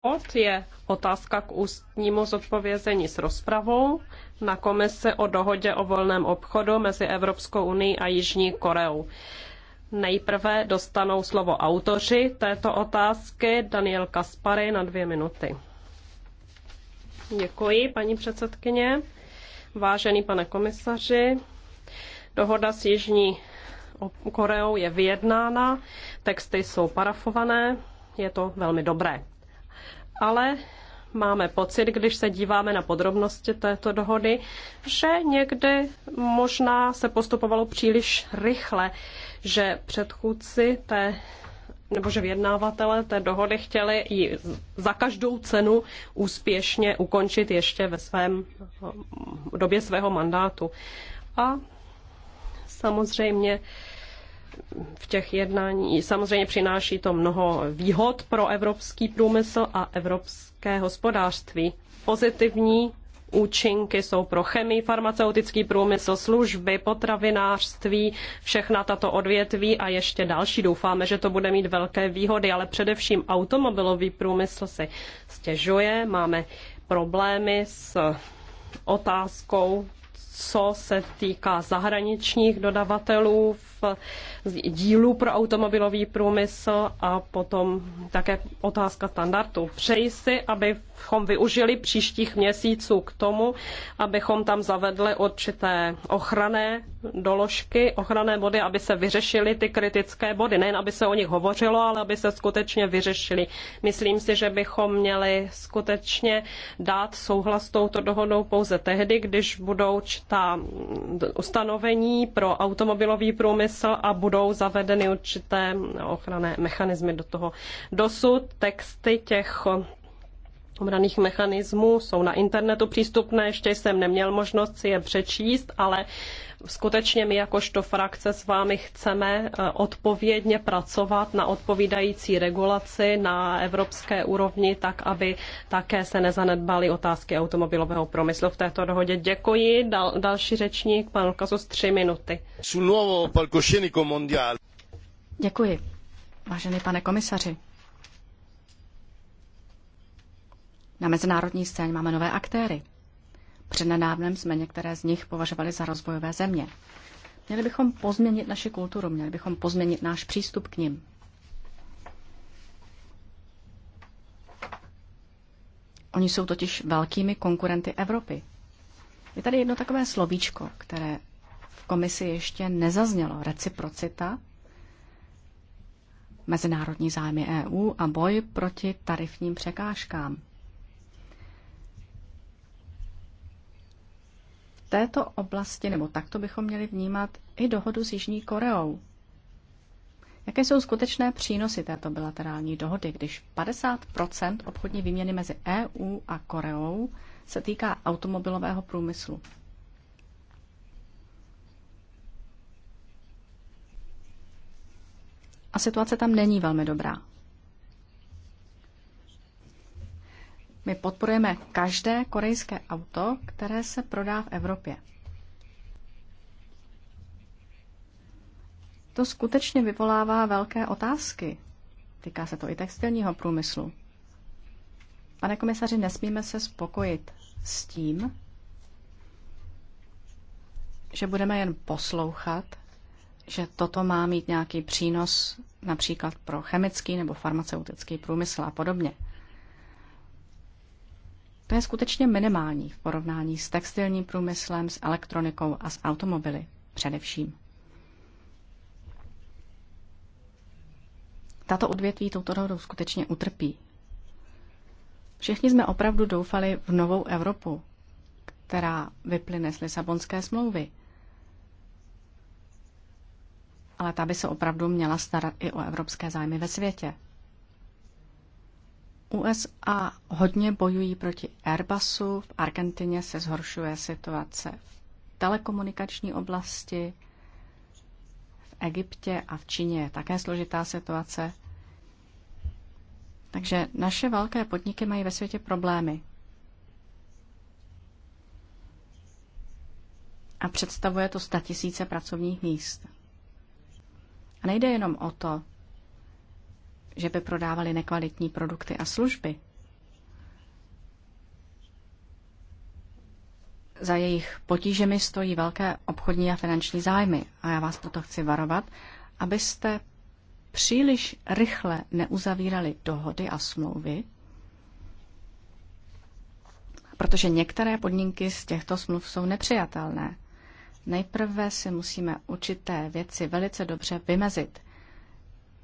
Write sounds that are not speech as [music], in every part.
Od je otázka k ústnímu zodpovězení s rozpravou na komise o dohodě o volném obchodu mezi Evropskou unii a Jižní Koreou. Nejprve dostanou slovo autoři této otázky Daniel Kaspary na dvě minuty. Děkuji, paní předsedkyně. Vážený pane komisaři, dohoda s Jižní Koreou je vyjednána, texty jsou parafované, je to velmi dobré ale máme pocit, když se díváme na podrobnosti této dohody, že někdy možná se postupovalo příliš rychle, že předchůdci té nebo že vyjednávatele té dohody chtěli ji za každou cenu úspěšně ukončit ještě ve svém době svého mandátu. A samozřejmě v těch jednání. Samozřejmě přináší to mnoho výhod pro evropský průmysl a evropské hospodářství. Pozitivní účinky jsou pro chemii, farmaceutický průmysl, služby, potravinářství, všechna tato odvětví a ještě další. Doufáme, že to bude mít velké výhody, ale především automobilový průmysl si stěžuje, máme problémy s otázkou co se týká zahraničních dodavatelů dílů pro automobilový průmysl a potom také otázka standardu. Přeji si, abychom využili příštích měsíců k tomu, abychom tam zavedli určité ochranné doložky, ochranné body, aby se vyřešily ty kritické body. Nejen, aby se o nich hovořilo, ale aby se skutečně vyřešily. Myslím si, že bychom měli skutečně dát souhlas touto dohodou pouze tehdy, když budou ta ustanovení pro automobilový průmysl smysl a budou zavedeny určité ochranné mechanismy do toho. Dosud texty těch obraných mechanismů jsou na internetu přístupné, ještě jsem neměl možnost si je přečíst, ale skutečně my jakožto frakce s vámi chceme eh, odpovědně pracovat na odpovídající regulaci na evropské úrovni, tak aby také se nezanedbaly otázky automobilového promyslu v této dohodě. Děkuji. Dal, další řečník, pan Lukasus, tři minuty. Děkuji. Vážený pane komisaři, Na mezinárodní scéně máme nové aktéry. Přednedávnem jsme některé z nich považovali za rozvojové země. Měli bychom pozměnit naši kulturu, měli bychom pozměnit náš přístup k nim. Oni jsou totiž velkými konkurenty Evropy. Je tady jedno takové slovíčko, které v komisi ještě nezaznělo. Reciprocita, mezinárodní zájmy EU a boj proti tarifním překážkám. této oblasti, nebo takto bychom měli vnímat i dohodu s Jižní Koreou. Jaké jsou skutečné přínosy této bilaterální dohody, když 50 obchodní výměny mezi EU a Koreou se týká automobilového průmyslu? A situace tam není velmi dobrá. My podporujeme každé korejské auto, které se prodá v Evropě. To skutečně vyvolává velké otázky. Týká se to i textilního průmyslu. Pane komisaři, nesmíme se spokojit s tím, že budeme jen poslouchat, že toto má mít nějaký přínos například pro chemický nebo farmaceutický průmysl a podobně. To je skutečně minimální v porovnání s textilním průmyslem, s elektronikou a s automobily především. Tato odvětví touto dohodou skutečně utrpí. Všichni jsme opravdu doufali v novou Evropu, která vyplyne z Lisabonské smlouvy. Ale ta by se opravdu měla starat i o evropské zájmy ve světě. USA hodně bojují proti Airbusu, v Argentině se zhoršuje situace v telekomunikační oblasti, v Egyptě a v Číně je také složitá situace. Takže naše velké podniky mají ve světě problémy. A představuje to tisíce pracovních míst. A nejde jenom o to, že by prodávali nekvalitní produkty a služby. Za jejich potížemi stojí velké obchodní a finanční zájmy a já vás proto chci varovat, abyste příliš rychle neuzavírali dohody a smlouvy, protože některé podmínky z těchto smluv jsou nepřijatelné. Nejprve si musíme určité věci velice dobře vymezit.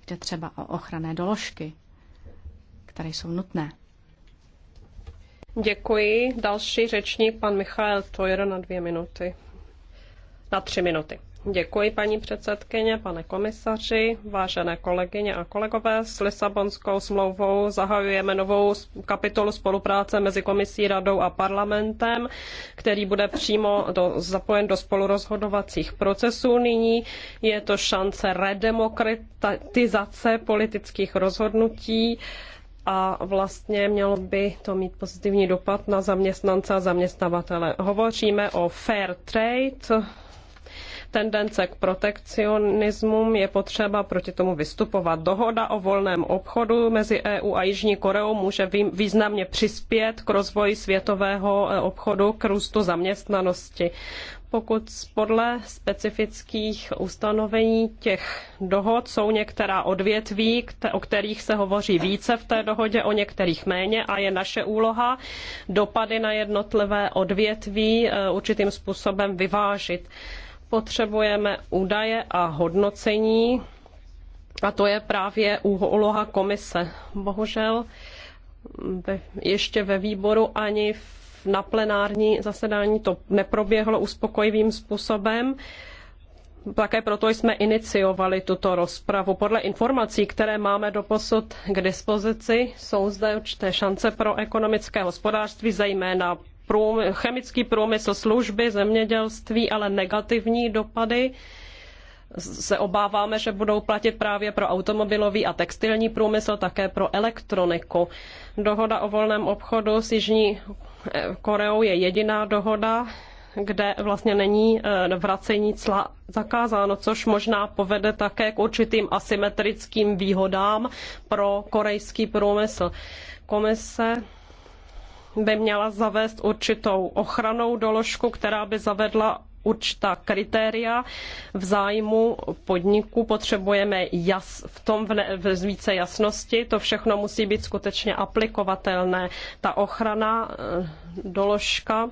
Jde třeba o ochranné doložky, které jsou nutné. Děkuji. Další řečník, pan Michal Tojer na dvě minuty. Na tři minuty. Děkuji, paní předsedkyně, pane komisaři, vážené kolegyně a kolegové. S Lisabonskou smlouvou zahajujeme novou kapitolu spolupráce mezi komisí, radou a parlamentem, který bude přímo do, zapojen do spolurozhodovacích procesů. Nyní je to šance redemokratizace politických rozhodnutí a vlastně mělo by to mít pozitivní dopad na zaměstnance a zaměstnavatele. Hovoříme o fair trade, tendence k protekcionismu je potřeba proti tomu vystupovat. Dohoda o volném obchodu mezi EU a Jižní Koreou může významně přispět k rozvoji světového e, obchodu, k růstu zaměstnanosti pokud podle specifických ustanovení těch dohod jsou některá odvětví, o kterých se hovoří více v té dohodě, o některých méně a je naše úloha dopady na jednotlivé odvětví e, určitým způsobem vyvážit potřebujeme údaje a hodnocení a to je právě úloha komise. Bohužel ještě ve výboru ani na plenární zasedání to neproběhlo uspokojivým způsobem. Také proto jsme iniciovali tuto rozpravu. Podle informací, které máme doposud k dispozici, jsou zde určité šance pro ekonomické hospodářství, zejména chemický průmysl, služby, zemědělství, ale negativní dopady se obáváme, že budou platit právě pro automobilový a textilní průmysl, také pro elektroniku. Dohoda o volném obchodu s Jižní eh, Koreou je jediná dohoda, kde vlastně není eh, vracení cla zakázáno, což možná povede také k určitým asymetrickým výhodám pro korejský průmysl. Komise by měla zavést určitou ochranou doložku, která by zavedla určitá kritéria v zájmu podniku, potřebujeme jas, v tom v, ne, v více jasnosti, to všechno musí být skutečně aplikovatelné. Ta ochrana eh, doložka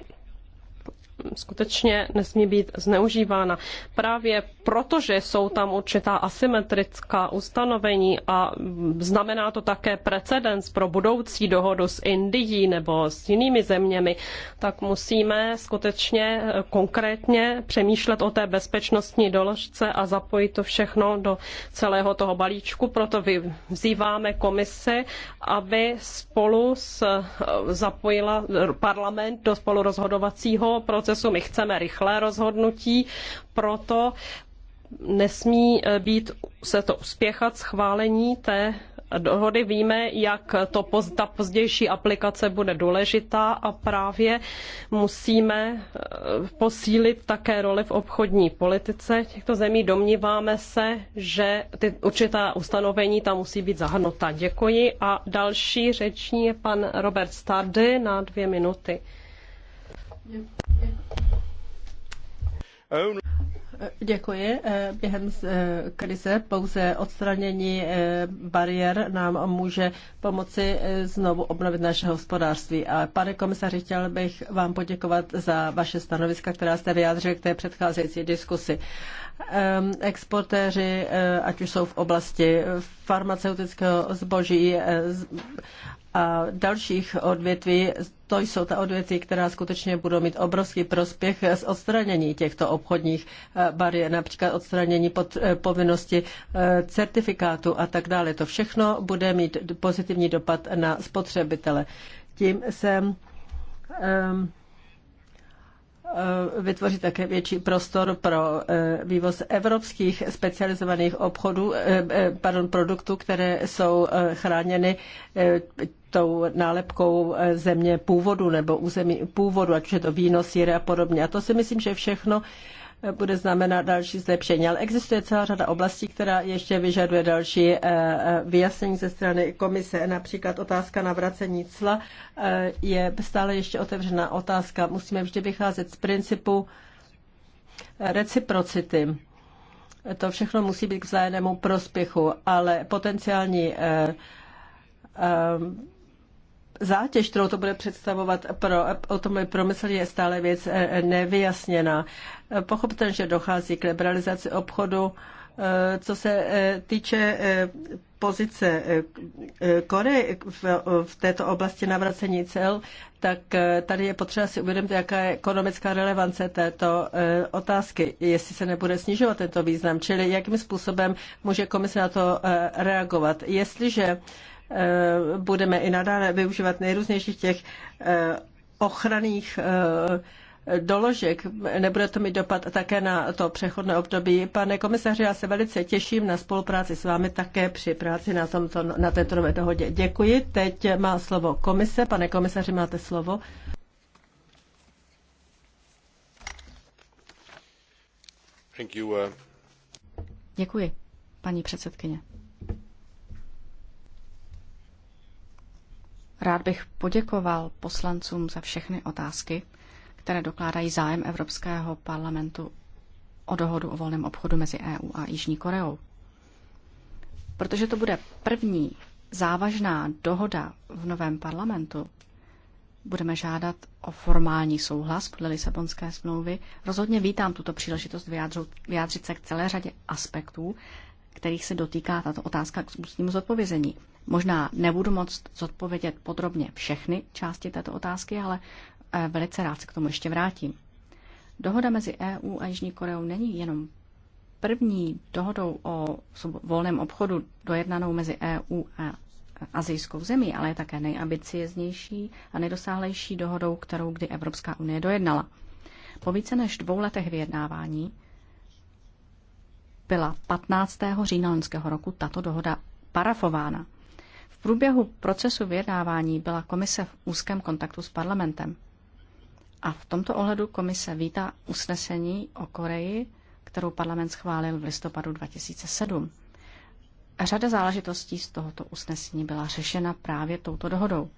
skutečně nesmí být zneužívána. Právě protože jsou tam určitá asymetrická ustanovení a znamená to také precedens pro budoucí dohodu s Indií nebo s jinými zeměmi, tak musíme skutečně konkrétně přemýšlet o té bezpečnostní doložce a zapojit to všechno do celého toho balíčku. Proto vyzýváme komisi, aby spolu s, zapojila parlament do spolurozhodovacího procesu procesu. My chceme rychlé rozhodnutí, proto nesmí eh, být se to uspěchat schválení té dohody. Víme, jak to poz, ta pozdější aplikace bude důležitá a právě musíme eh, posílit také roli v obchodní politice těchto zemí. Domníváme se, že ty určitá ustanovení tam musí být zahrnuta. Děkuji a další řeční je pan Robert Stardy na dvě minuty. Děkuji. Během eh, krize pouze odstranění eh, bariér nám může pomoci eh, znovu obnovit naše hospodářství. A pane komisaři, chtěl bych vám poděkovat za vaše stanoviska, která jste vyjádřili k té předcházející diskusi. Ehm, exportéři, ať už jsou v oblasti farmaceutického zboží, a dalších odvětví, to jsou ta odvětví, která skutečně budou mít obrovský prospěch z odstranění těchto obchodních eh, bariér, například odstranění pod, eh, povinnosti eh, certifikátu a tak dále. To všechno bude mít pozitivní dopad na spotřebitele. Tím jsem um, Eh, vytvořit také větší prostor pro eh, vývoz evropských specializovaných obchodů, eh, pardon, produktů, které jsou chráněny tou nálepkou země původu nebo území původu, ať už je to víno, síry a podobně. A to si myslím, že všechno bude znamenat další zlepšení. Ale existuje celá řada oblastí, která ještě vyžaduje další eh, eh, vyjasnění ze strany komise. Například otázka vracení cla eh, je stále ještě otevřená otázka. Musíme vždy vycházet z principu reciprocity. To všechno musí být k vzájemnému prospěchu, ale potenciální zátěž, kterou to bude představovat pro automobilový promysl, je stále věc eh, nevyjasněná. Pochopitelně, že dochází k liberalizaci obchodu. Eh, co se eh, týče pozice Koreje v této oblasti navracení cel, tak tady je potřeba si uvědomit, jaká je ekonomická relevance této otázky, jestli se nebude snižovat tento význam, čili jakým způsobem může komise na to reagovat. Jestliže Eh, budeme i nadále využívat nejrůznějších těch eh, ochranných eh, doložek, nebude to mít dopad také na to přechodné období. Pane komisaři, já se velice těším na spolupráci s vámi také při práci na, tomto, na této nové dohodě. Děkuji. Teď má slovo komise. Pane komisaři, máte slovo. Uh, Děkuji, paní předsedkyně. Rád bych poděkoval poslancům za všechny otázky, které dokládají zájem Evropského parlamentu o dohodu o volném obchodu mezi EU a Jižní Koreou. Protože to bude první závažná dohoda v novém parlamentu, budeme žádat o formální souhlas podle Lisabonské smlouvy. Rozhodně vítám tuto příležitost vyjádřit, vyjádřit se k celé řadě aspektů, kterých se dotýká tato otázka k ústnímu zodpovězení. Možná nebudu moc zodpovědět podrobně všechny části této otázky, ale eh, velice rád se k tomu ještě vrátím. Dohoda mezi EU a Jižní Koreou není jenom první dohodou o volném obchodu dojednanou mezi EU a azijskou zemí, ale je také nejambicieznější a nejdosáhlejší dohodou, kterou kdy Evropská unie dojednala. Po více než dvou letech vyjednávání byla 15. října loňského roku tato dohoda parafována průběhu procesu vyjednávání byla komise v úzkém kontaktu s parlamentem. A v tomto ohledu komise vítá usnesení o Koreji, kterou parlament schválil v listopadu 2007. Řada záležitostí z tohoto usnesení byla řešena právě touto dohodou.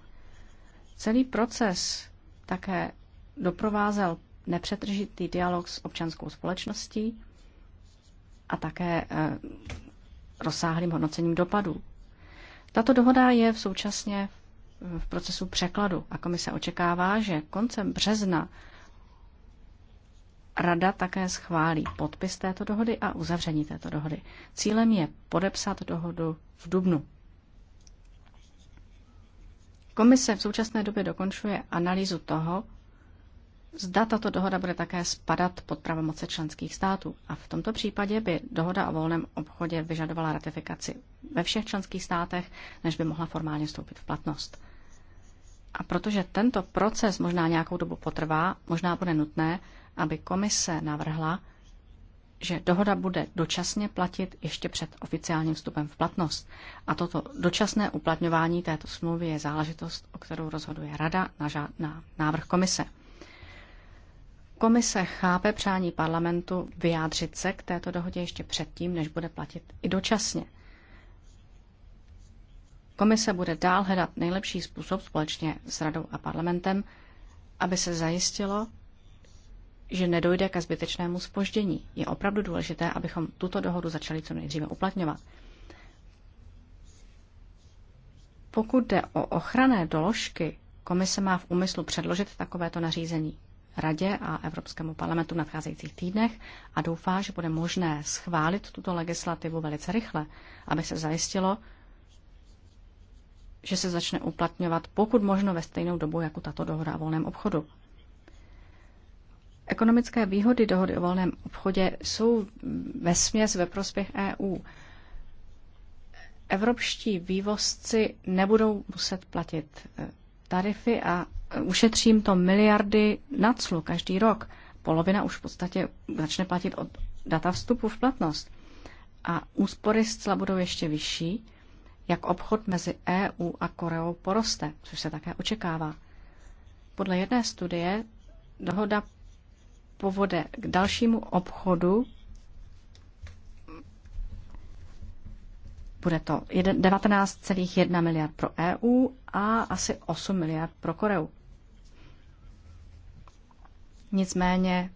Celý proces také doprovázel nepřetržitý dialog s občanskou společností a také eh, rozsáhlým hodnocením dopadů. Tato dohoda je v současně v procesu překladu a komise očekává, že koncem března Rada také schválí podpis této dohody a uzavření této dohody. Cílem je podepsat dohodu v dubnu. Komise v současné době dokončuje analýzu toho, zda tato dohoda bude také spadat pod pravomoce členských států. A v tomto případě by dohoda o volném obchodě vyžadovala ratifikaci ve všech členských státech, než by mohla formálně vstoupit v platnost. A protože tento proces možná nějakou dobu potrvá, možná bude nutné, aby komise navrhla, že dohoda bude dočasně platit ještě před oficiálním vstupem v platnost. A toto dočasné uplatňování této smlouvy je záležitost, o kterou rozhoduje Rada na, na návrh komise. Komise chápe přání parlamentu vyjádřit se k této dohodě ještě předtím, než bude platit i dočasně. Komise bude dál hledat nejlepší způsob společně s radou a parlamentem, aby se zajistilo, že nedojde ke zbytečnému spoždění. Je opravdu důležité, abychom tuto dohodu začali co nejdříve uplatňovat. Pokud jde o ochranné doložky, komise má v úmyslu předložit takovéto nařízení. Radě a Evropskému parlamentu v nadcházejících týdnech a doufá, že bude možné schválit tuto legislativu velice rychle, aby se zajistilo, že se začne uplatňovat pokud možno ve stejnou dobu jako tato dohoda o volném obchodu. Ekonomické výhody dohody o volném obchodě jsou ve směs ve prospěch EU. Evropští vývozci nebudou muset platit eh, tarify a ušetřím to miliardy na clu každý rok. Polovina už v podstatě začne platit od data vstupu v platnost. A úspory zcela budou ještě vyšší, jak obchod mezi EU a Koreou poroste, což se také očekává. Podle jedné studie dohoda povode k dalšímu obchodu bude to 19,1 miliard pro EU a asi 8 miliard pro Koreu. Nicméně,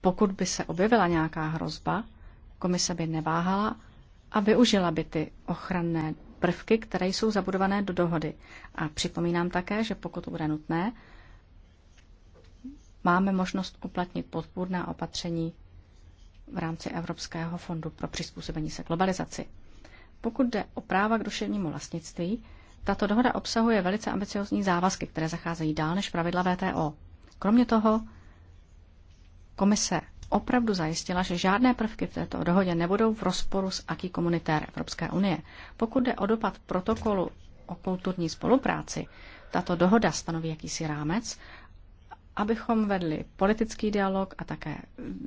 pokud by se objevila nějaká hrozba, komise by neváhala a využila by ty ochranné prvky, které jsou zabudované do dohody. A připomínám také, že pokud bude nutné, máme možnost uplatnit podpůrná opatření v rámci Evropského fondu pro přizpůsobení se globalizaci. Pokud jde o práva k duševnímu vlastnictví, tato dohoda obsahuje velice ambiciozní závazky, které zacházejí dál než pravidla VTO. Kromě toho komise opravdu zajistila, že žádné prvky v této dohodě nebudou v rozporu s aký komunitér Evropské unie. Pokud jde o dopad protokolu o kulturní spolupráci, tato dohoda stanoví jakýsi rámec, abychom vedli politický dialog a také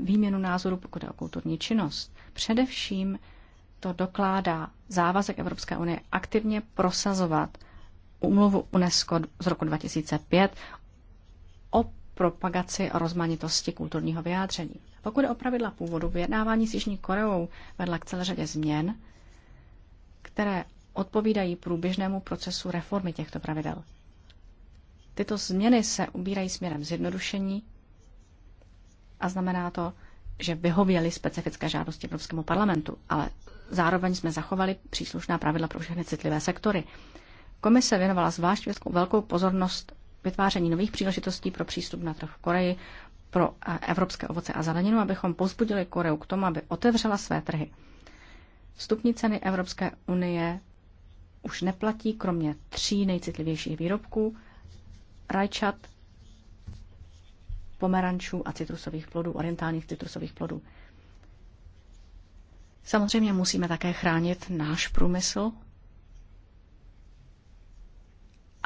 výměnu názoru, pokud jde o kulturní činnost. Především to dokládá závazek Evropské unie aktivně prosazovat umluvu UNESCO z roku 2005 o propagaci rozmanitosti kulturního vyjádření. Pokud je o pravidla původu, vyjednávání s Jižní Koreou vedla k celé řadě změn, které odpovídají průběžnému procesu reformy těchto pravidel. Tyto změny se ubírají směrem zjednodušení a znamená to, že vyhověli specifické žádosti Evropskému parlamentu, ale zároveň jsme zachovali příslušná pravidla pro všechny citlivé sektory. Komise věnovala zvlášť velkou pozornost vytváření nových příležitostí pro přístup na trh v Koreji pro eh, evropské ovoce a zeleninu, abychom pozbudili Koreu k tomu, aby otevřela své trhy. Vstupní ceny Evropské unie už neplatí kromě tří nejcitlivějších výrobků rajčat, pomerančů a citrusových plodů, orientálních citrusových plodů. Samozřejmě musíme také chránit náš průmysl,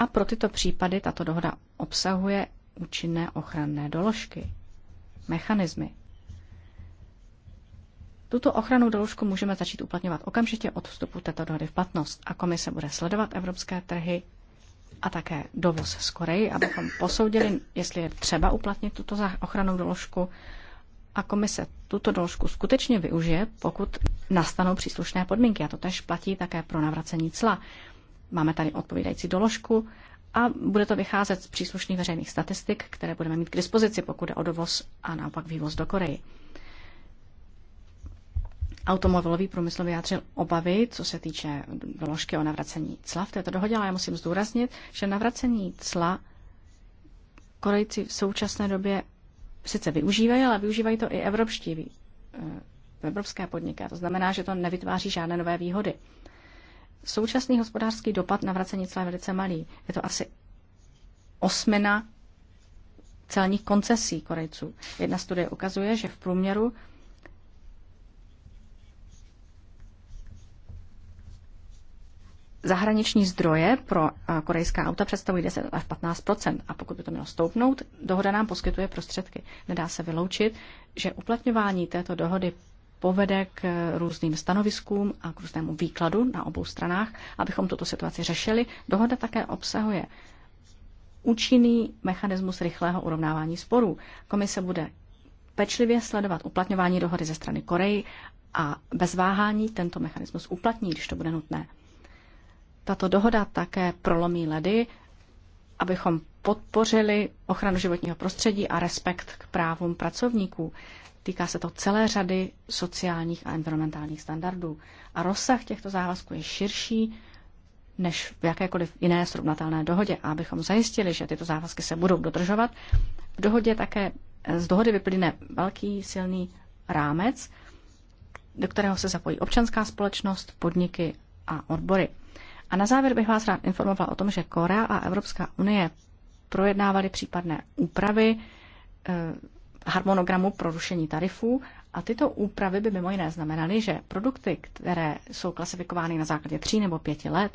a pro tyto případy tato dohoda obsahuje účinné ochranné doložky, mechanismy. Tuto ochranu doložku můžeme začít uplatňovat okamžitě od vstupu této dohody v platnost a komise bude sledovat evropské trhy a také dovoz z Koreji, abychom posoudili, jestli je třeba uplatnit tuto ochranou doložku a komise tuto doložku skutečně využije, pokud nastanou příslušné podmínky. A to tež platí také pro navracení cla. Máme tady odpovídající doložku a bude to vycházet z příslušných veřejných statistik, které budeme mít k dispozici, pokud je o dovoz a naopak vývoz do Koreji. Automobilový průmysl vyjádřil obavy, co se týče doložky o navracení cla v této dohodě, ale já musím zdůraznit, že navracení cla Korejci v současné době sice využívají, ale využívají to i evropští, eh, evropské podniky. To znamená, že to nevytváří žádné nové výhody. Současný hospodářský dopad na vracení cla je velice malý. Je to asi osmina celních koncesí Korejců. Jedna studie ukazuje, že v průměru zahraniční zdroje pro korejská auta představují 10 až 15 a pokud by to mělo stoupnout, dohoda nám poskytuje prostředky. Nedá se vyloučit, že uplatňování této dohody povede k různým stanoviskům a k různému výkladu na obou stranách, abychom tuto situaci řešili. Dohoda také obsahuje účinný mechanismus rychlého urovnávání sporů. Komise bude pečlivě sledovat uplatňování dohody ze strany Koreji a bez váhání tento mechanismus uplatní, když to bude nutné. Tato dohoda také prolomí ledy, abychom podpořili ochranu životního prostředí a respekt k právům pracovníků. Týká se to celé řady sociálních a environmentálních standardů. A rozsah těchto závazků je širší než v jakékoliv jiné srovnatelné dohodě. A abychom zajistili, že tyto závazky se budou dodržovat, v dohodě také z dohody vyplyne velký silný rámec, do kterého se zapojí občanská společnost, podniky a odbory. A na závěr bych vás rád informovala o tom, že Korea a Evropská unie projednávali případné úpravy eh, harmonogramu pro rušení tarifů a tyto úpravy by mimo jiné znamenaly, že produkty, které jsou klasifikovány na základě tří nebo pěti let,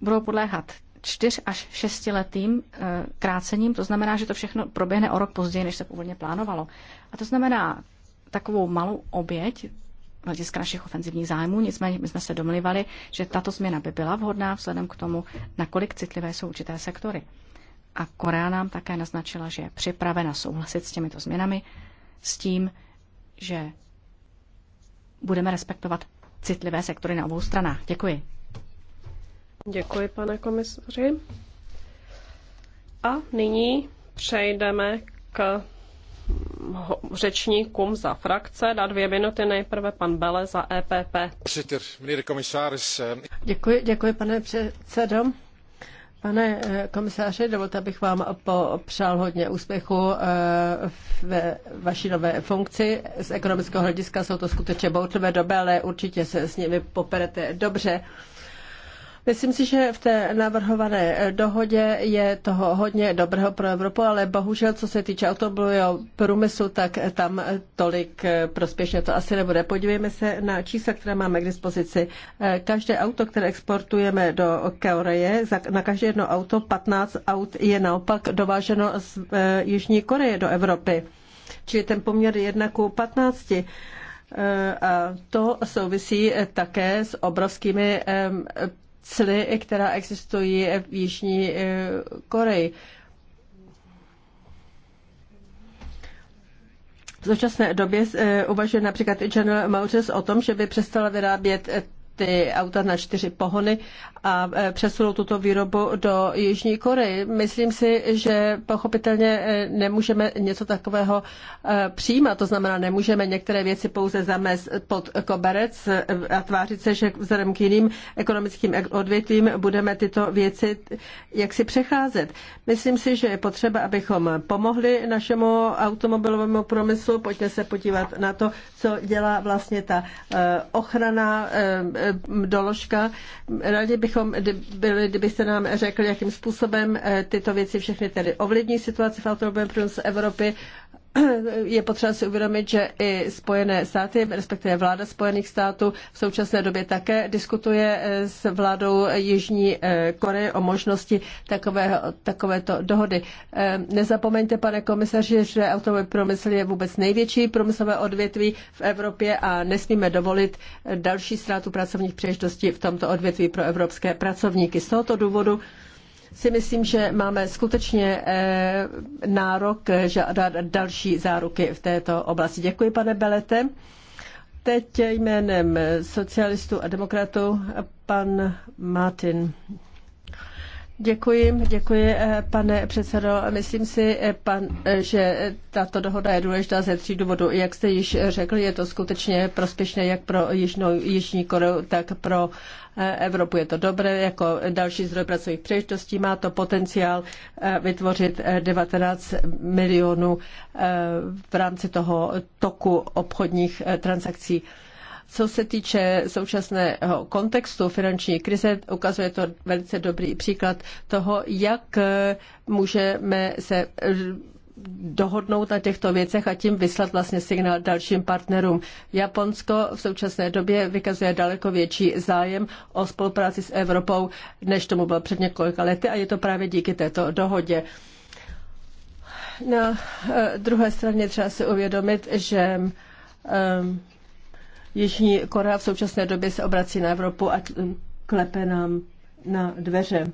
budou podléhat čtyř až šestiletým eh, krácením. To znamená, že to všechno proběhne o rok později, než se původně plánovalo. A to znamená takovou malou oběť hlediska našich ofenzivních zájmů. Nicméně my jsme se domlívali, že tato změna by byla vhodná vzhledem k tomu, nakolik citlivé jsou určité sektory. A Korea nám také naznačila, že je připravena souhlasit s těmito změnami, s tím, že budeme respektovat citlivé sektory na obou stranách. Děkuji. Děkuji, pane komisaři. A nyní přejdeme k řečníkům za frakce. Na dvě minuty nejprve pan Bele za EPP. Děkuji, děkuji pane předsedo. Pane eh, komisáře, dovolte, abych vám popřál hodně úspěchu eh, ve vaší nové funkci. Z ekonomického hlediska jsou to skutečně boutlivé doby, ale určitě se s nimi poperete dobře. Myslím si, že v té navrhované dohodě je toho hodně dobrého pro Evropu, ale bohužel, co se týče automobilového průmyslu, tak tam tolik eh, prospěšně to asi nebude. Podívejme se na čísla, které máme k dispozici. Eh, každé auto, které exportujeme do Koreje, na každé jedno auto 15 aut je naopak dováženo z eh, Jižní Koreje do Evropy. Čili ten poměr je 1 k 15. A to souvisí také s obrovskými cly, která existují v Jižní eh, Koreji. V současné době eh, uvažuje například General Motors o tom, že by přestala vyrábět eh, ty auta na čtyři pohony a e, přesunou tuto výrobu do Jižní Koreji. Myslím si, že pochopitelně e, nemůžeme něco takového e, přijímat, to znamená, nemůžeme některé věci pouze zamést pod koberec a tvářit se, že vzhledem k jiným ekonomickým odvětvím budeme tyto věci jaksi přecházet. Myslím si, že je potřeba, abychom pomohli našemu automobilovému průmyslu. Pojďme se podívat na to, co dělá vlastně ta ochrana Eh, doložka. Rádi bychom byli, kdybyste nám řekli, jakým způsobem eh, tyto věci všechny tedy ovlivní situaci v automobilovém průmyslu Evropy [clears throat] je potřeba si uvědomit, že i Spojené státy, respektive vláda Spojených států v současné době také diskutuje eh, s vládou Jižní eh, Koreje o možnosti takové, takovéto dohody. Eh, nezapomeňte, pane komisaři, že automobilový průmysl je vůbec největší průmyslové odvětví v Evropě a nesmíme dovolit další ztrátu pracovních příležitostí v tomto odvětví pro evropské pracovníky. Z tohoto důvodu si myslím, že máme skutečně eh, nárok eh, žádat další záruky v této oblasti. Děkuji, pane Belete. Teď jménem socialistů a demokratů pan Martin. Děkuji, děkuji, eh, pane předsedo. Myslím si, eh, pan, eh, že tato dohoda je důležitá ze tří důvodů. Jak jste již řekl, je to skutečně prospěšné jak pro Jižnou, Jižní Koreu, tak pro Evropu. Je to dobré jako další zdroj pracovních příležitostí. Má to potenciál vytvořit 19 milionů v rámci toho toku obchodních transakcí. Co se týče současného kontextu finanční krize, ukazuje to velice dobrý příklad toho, jak eh, můžeme se eh, dohodnout na těchto věcech a tím vyslat vlastně signál dalším partnerům. Japonsko v současné době vykazuje daleko větší zájem o spolupráci s Evropou, než tomu bylo před několika lety a je to právě díky této dohodě. Na eh, druhé straně třeba si uvědomit, že um, Jižní Korea v současné době se obrací na Evropu a klepe nám na dveře.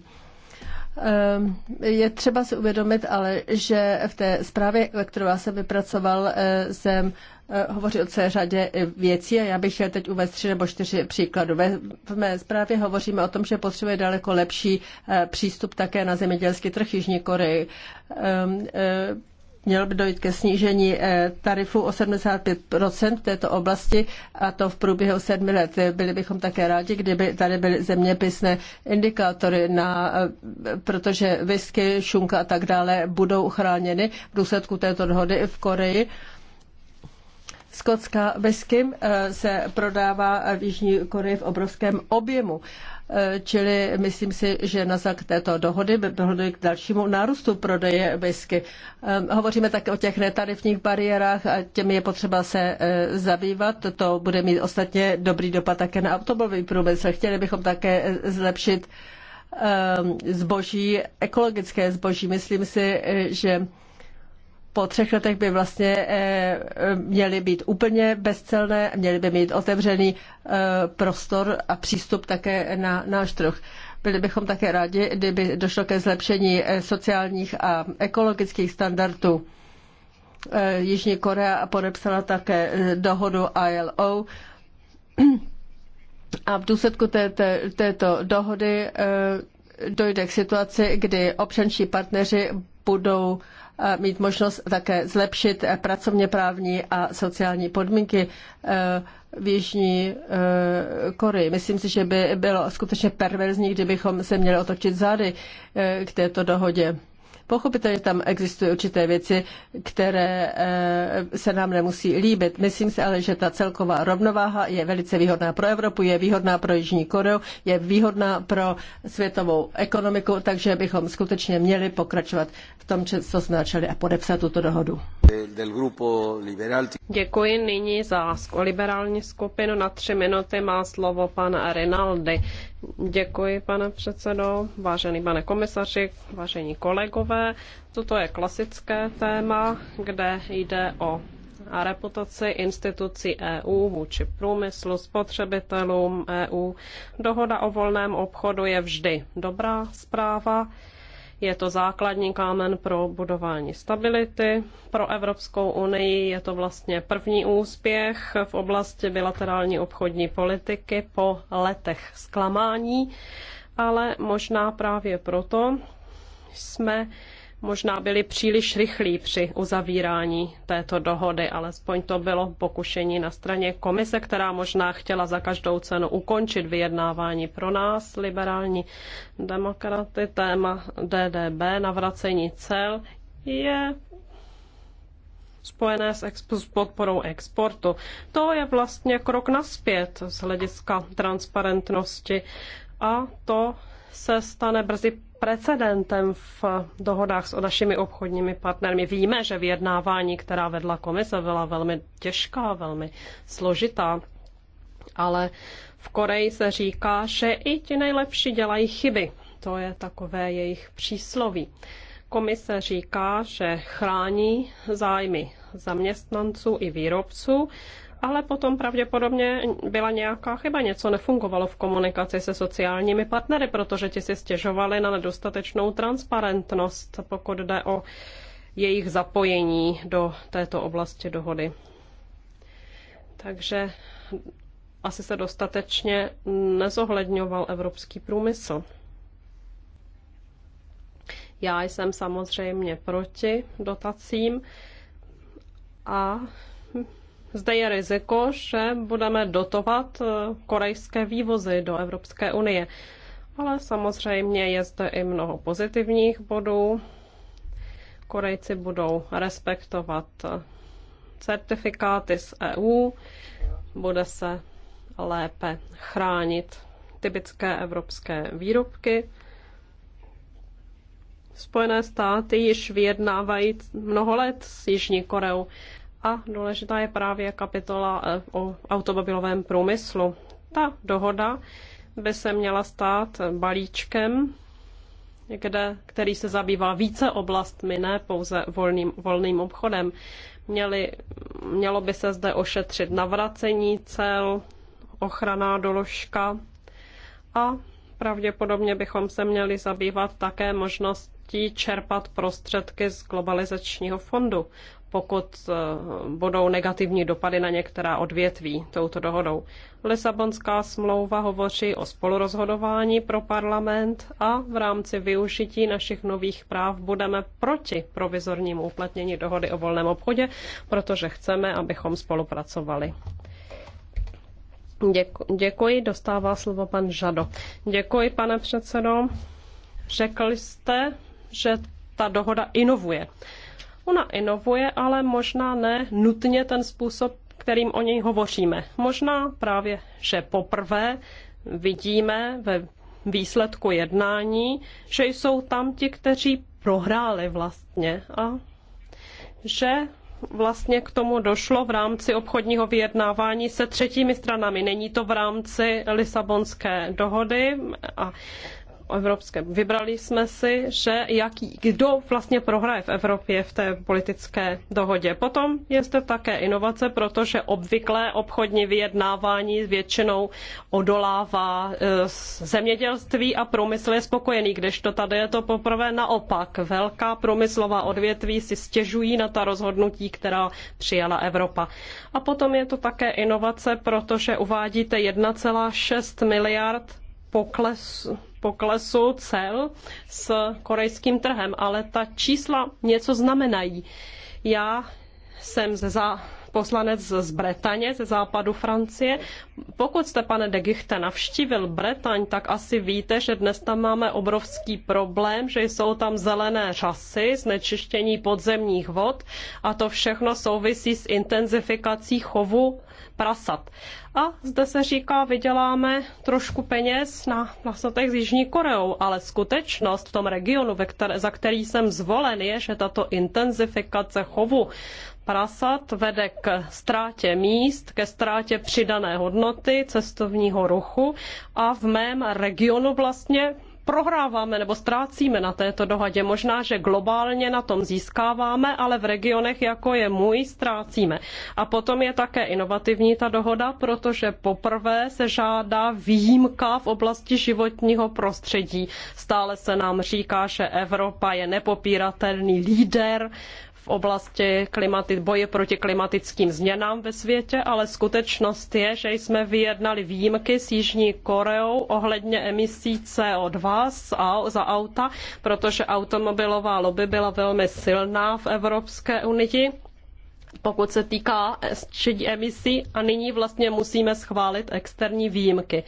Ehm, je třeba si uvědomit ale, že v té zprávě, kterou já eh, jsem vypracoval, jsem eh, hovoří o celé řadě eh, věcí a já bych teď uvést tři nebo čtyři příklady. V mé zprávě hovoříme o tom, že potřebuje daleko lepší přístup také na zemědělský trh Jižní Koreji. Ehm, mělo by dojít ke snížení eh, tarifu o 75 v této oblasti a to v průběhu sedmi let. Byli bychom také rádi, kdyby tady byly zeměpisné indikátory, na, eh, protože whisky, šunka a tak dále budou chráněny v důsledku této dohody v Koreji. Skotská whisky eh, se prodává v Jižní Koreji v obrovském objemu Eh, čili myslím si, že na zak této dohody by bylo k dalšímu nárůstu prodeje whisky. Ehm, hovoříme také o těch netarifních bariérách a těmi je potřeba se eh, zabývat. To bude mít ostatně dobrý dopad také na automobilový průmysl. Chtěli bychom také eh, zlepšit ehm, zboží, ekologické zboží. Myslím si, že po třech letech by vlastně eh, měly být úplně bezcelné, měly by mít otevřený eh, prostor a přístup také na náš trh. Byli bychom také rádi, kdyby došlo ke zlepšení eh, sociálních a ekologických standardů. Jižní Korea podepsala také dohodu ILO [clears throat] a v důsledku této, této dohody dojde k situaci, kdy občanští partneři budou eh, mít možnost také zlepšit eh, pracovně právní a sociální podmínky eh, v Jižní Koreji. Myslím si, že by bylo skutečně perverzní, kdybychom se měli otočit zády k této dohodě. Pochopitelně tam existují určité věci, které eh, se nám nemusí líbit. Myslím si ale, že ta celková rovnováha je velice výhodná pro Evropu, je výhodná pro Jižní Koreu, je výhodná pro světovou ekonomiku, takže bychom skutečně měli pokračovat v tom, co jsme začali a podepsat tuto dohodu. Děkuji nyní za liberální skupinu. Na tři minuty má slovo pan Rinaldi. Děkuji, pane předsedo, vážený pane komisaři, vážení kolegové. Toto je klasické téma, kde jde o reputaci institucí EU vůči průmyslu, spotřebitelům EU. Dohoda o volném obchodu je vždy dobrá zpráva. Je to základní kámen pro budování stability. Pro Evropskou unii je to vlastně první úspěch v oblasti bilaterální obchodní politiky po letech zklamání, ale možná právě proto jsme možná byli příliš rychlí při uzavírání této dohody, alespoň to bylo pokušení na straně komise, která možná chtěla za každou cenu ukončit vyjednávání pro nás, liberální demokraty, téma DDB, navracení cel, je spojené s, exp- s podporou exportu. To je vlastně krok naspět z hlediska transparentnosti a to se stane brzy precedentem v dohodách s našimi obchodními partnery. Víme, že vyjednávání, která vedla komise, byla velmi těžká, velmi složitá, ale v Koreji se říká, že i ti nejlepší dělají chyby. To je takové jejich přísloví. Komise říká, že chrání zájmy zaměstnanců i výrobců ale potom pravděpodobně byla nějaká chyba, něco nefungovalo v komunikaci se sociálními partnery, protože ti si stěžovali na nedostatečnou transparentnost, pokud jde o jejich zapojení do této oblasti dohody. Takže asi se dostatečně nezohledňoval evropský průmysl. Já jsem samozřejmě proti dotacím a zde je riziko, že budeme dotovat eh, korejské vývozy do Evropské unie. Ale samozřejmě je zde i mnoho pozitivních bodů. Korejci budou respektovat eh, certifikáty z EU, bude se lépe chránit typické evropské výrobky. Spojené státy již vyjednávají mnoho let s Jižní Koreou a důležitá je právě kapitola eh, o automobilovém průmyslu. Ta dohoda by se měla stát balíčkem, kde, který se zabývá více oblastmi, ne pouze volným, volným obchodem. Měli, mělo by se zde ošetřit navracení cel, ochraná doložka a pravděpodobně bychom se měli zabývat také možností čerpat prostředky z globalizačního fondu pokud eh, budou negativní dopady na některá odvětví touto dohodou. Lisabonská smlouva hovoří o spolurozhodování pro parlament a v rámci využití našich nových práv budeme proti provizornímu uplatnění dohody o volném obchodě, protože chceme, abychom spolupracovali. Děkuji, dostává slovo pan Žado. Děkuji, pane předsedo. Řekl jste, že ta dohoda inovuje. Ona inovuje, ale možná ne nutně ten způsob, kterým o něj hovoříme. Možná právě, že poprvé vidíme ve výsledku jednání, že jsou tam ti, kteří prohráli vlastně a že vlastně k tomu došlo v rámci obchodního vyjednávání se třetími stranami. Není to v rámci Lisabonské dohody a evropské. Vybrali jsme si, že jaký, kdo vlastně prohraje v Evropě v té politické dohodě. Potom je zde také inovace, protože obvyklé obchodní vyjednávání většinou odolává e, zemědělství a průmysl je spokojený, kdežto tady je to poprvé naopak. Velká průmyslová odvětví si stěžují na ta rozhodnutí, která přijala Evropa. A potom je to také inovace, protože uvádíte 1,6 miliard pokles, poklesu cel s korejským trhem, ale ta čísla něco znamenají. Já jsem ze, za, poslanec z Bretaně, ze západu Francie. Pokud jste, pane de Gichte, navštívil Bretaň, tak asi víte, že dnes tam máme obrovský problém, že jsou tam zelené řasy, znečištění podzemních vod a to všechno souvisí s intenzifikací chovu prasat. A zde se říká, vyděláme trošku peněz na vlastnotech s Jižní Koreou, ale skutečnost v tom regionu, ve které, za který jsem zvolen, je, že tato intenzifikace chovu prasat vede k ztrátě míst, ke ztrátě přidané hodnoty cestovního ruchu a v mém regionu vlastně prohráváme nebo ztrácíme na této dohodě. Možná, že globálně na tom získáváme, ale v regionech, jako je můj, ztrácíme. A potom je také inovativní ta dohoda, protože poprvé se žádá výjimka v oblasti životního prostředí. Stále se nám říká, že Evropa je nepopíratelný líder v oblasti klimaty, boje proti klimatickým změnám ve světě, ale skutečnost je, že jsme vyjednali výjimky s Jižní Koreou ohledně emisí CO2 za auta, protože automobilová lobby byla velmi silná v Evropské unii pokud se týká emisí a nyní vlastně musíme schválit externí výjimky.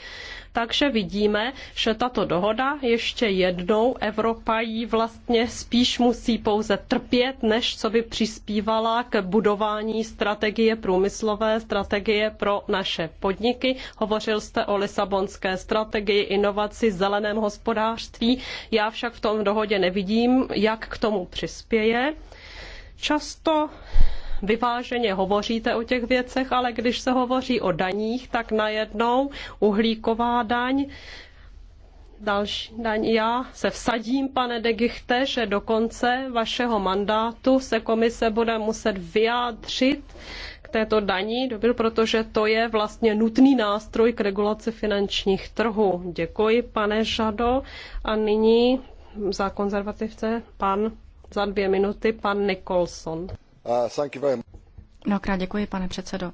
Takže vidíme, že tato dohoda ještě jednou Evropa jí vlastně spíš musí pouze trpět, než co by přispívala k budování strategie průmyslové, strategie pro naše podniky. Hovořil jste o Lisabonské strategii, inovaci, zeleném hospodářství. Já však v tom dohodě nevidím, jak k tomu přispěje. Často vyváženě hovoříte o těch věcech, ale když se hovoří o daních, tak najednou uhlíková daň další daň. Já se vsadím, pane de Gichte, že do konce vašeho mandátu se komise bude muset vyjádřit k této daní, protože to je vlastně nutný nástroj k regulaci finančních trhů. Děkuji, pane Žado. A nyní za konzervativce pan za dvě minuty pan Nicholson. Uh, Mnohokrát děkuji, pane předsedo.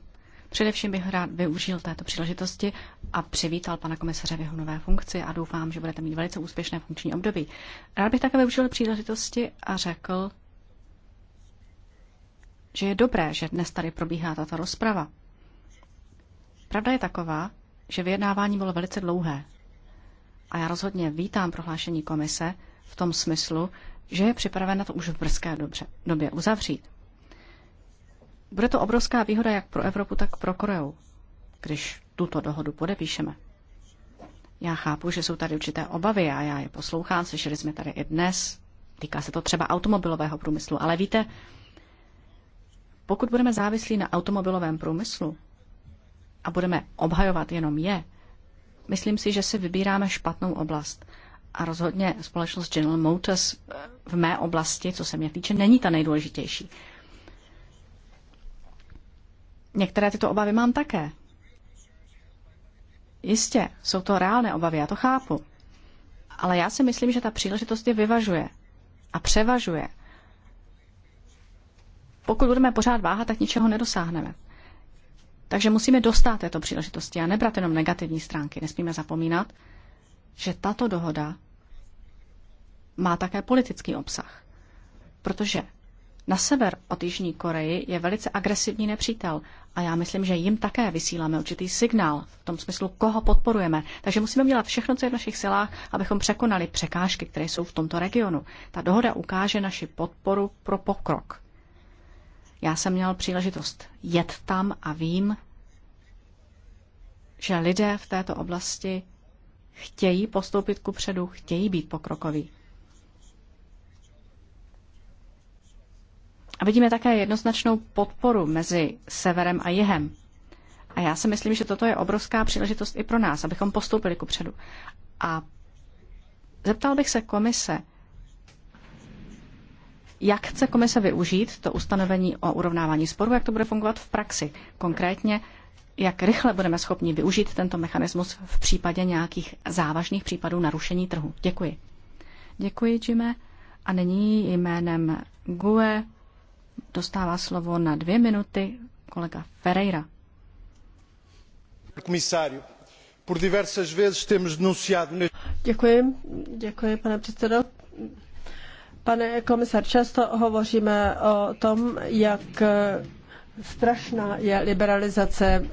Především bych rád využil této příležitosti a přivítal pana komisaře v jeho nové funkci a doufám, že budete mít velice úspěšné funkční období. Rád bych také využil příležitosti a řekl, že je dobré, že dnes tady probíhá tato rozprava. Pravda je taková, že vyjednávání bylo velice dlouhé. A já rozhodně vítám prohlášení komise v tom smyslu, že je připravena to už v brzké době uzavřít. Bude to obrovská výhoda jak pro Evropu, tak pro Koreu, když tuto dohodu podepíšeme. Já chápu, že jsou tady určité obavy a já je poslouchám, slyšeli jsme tady i dnes. Týká se to třeba automobilového průmyslu, ale víte, pokud budeme závislí na automobilovém průmyslu a budeme obhajovat jenom je, myslím si, že si vybíráme špatnou oblast. A rozhodně společnost General Motors v mé oblasti, co se mě týče, není ta nejdůležitější. Některé tyto obavy mám také. Jistě, jsou to reálné obavy, já to chápu. Ale já si myslím, že ta příležitost je vyvažuje a převažuje. Pokud budeme pořád váhat, tak ničeho nedosáhneme. Takže musíme dostat této příležitosti a nebrat jenom negativní stránky. Nesmíme zapomínat, že tato dohoda má také politický obsah. Protože na sever od Jižní Koreji je velice agresivní nepřítel. A já myslím, že jim také vysíláme určitý signál v tom smyslu, koho podporujeme. Takže musíme dělat všechno, co je v našich silách, abychom překonali překážky, které jsou v tomto regionu. Ta dohoda ukáže naši podporu pro pokrok. Já jsem měl příležitost jet tam a vím, že lidé v této oblasti chtějí postoupit ku předu, chtějí být pokrokoví. A vidíme také jednoznačnou podporu mezi severem a jihem. A já si myslím, že toto je obrovská příležitost i pro nás, abychom postoupili ku předu. A zeptal bych se komise, jak chce komise využít to ustanovení o urovnávání sporu, jak to bude fungovat v praxi. Konkrétně, jak rychle budeme schopni využít tento mechanismus v případě nějakých závažných případů narušení trhu. Děkuji. Děkuji, Jime. A nyní jménem GUE dostává slovo na dvě minuty kolega Ferreira. Komisáriu, Děkuji, děkuji, pane předsedo. Pane komisar, často hovoříme o tom, jak eh, strašná je liberalizace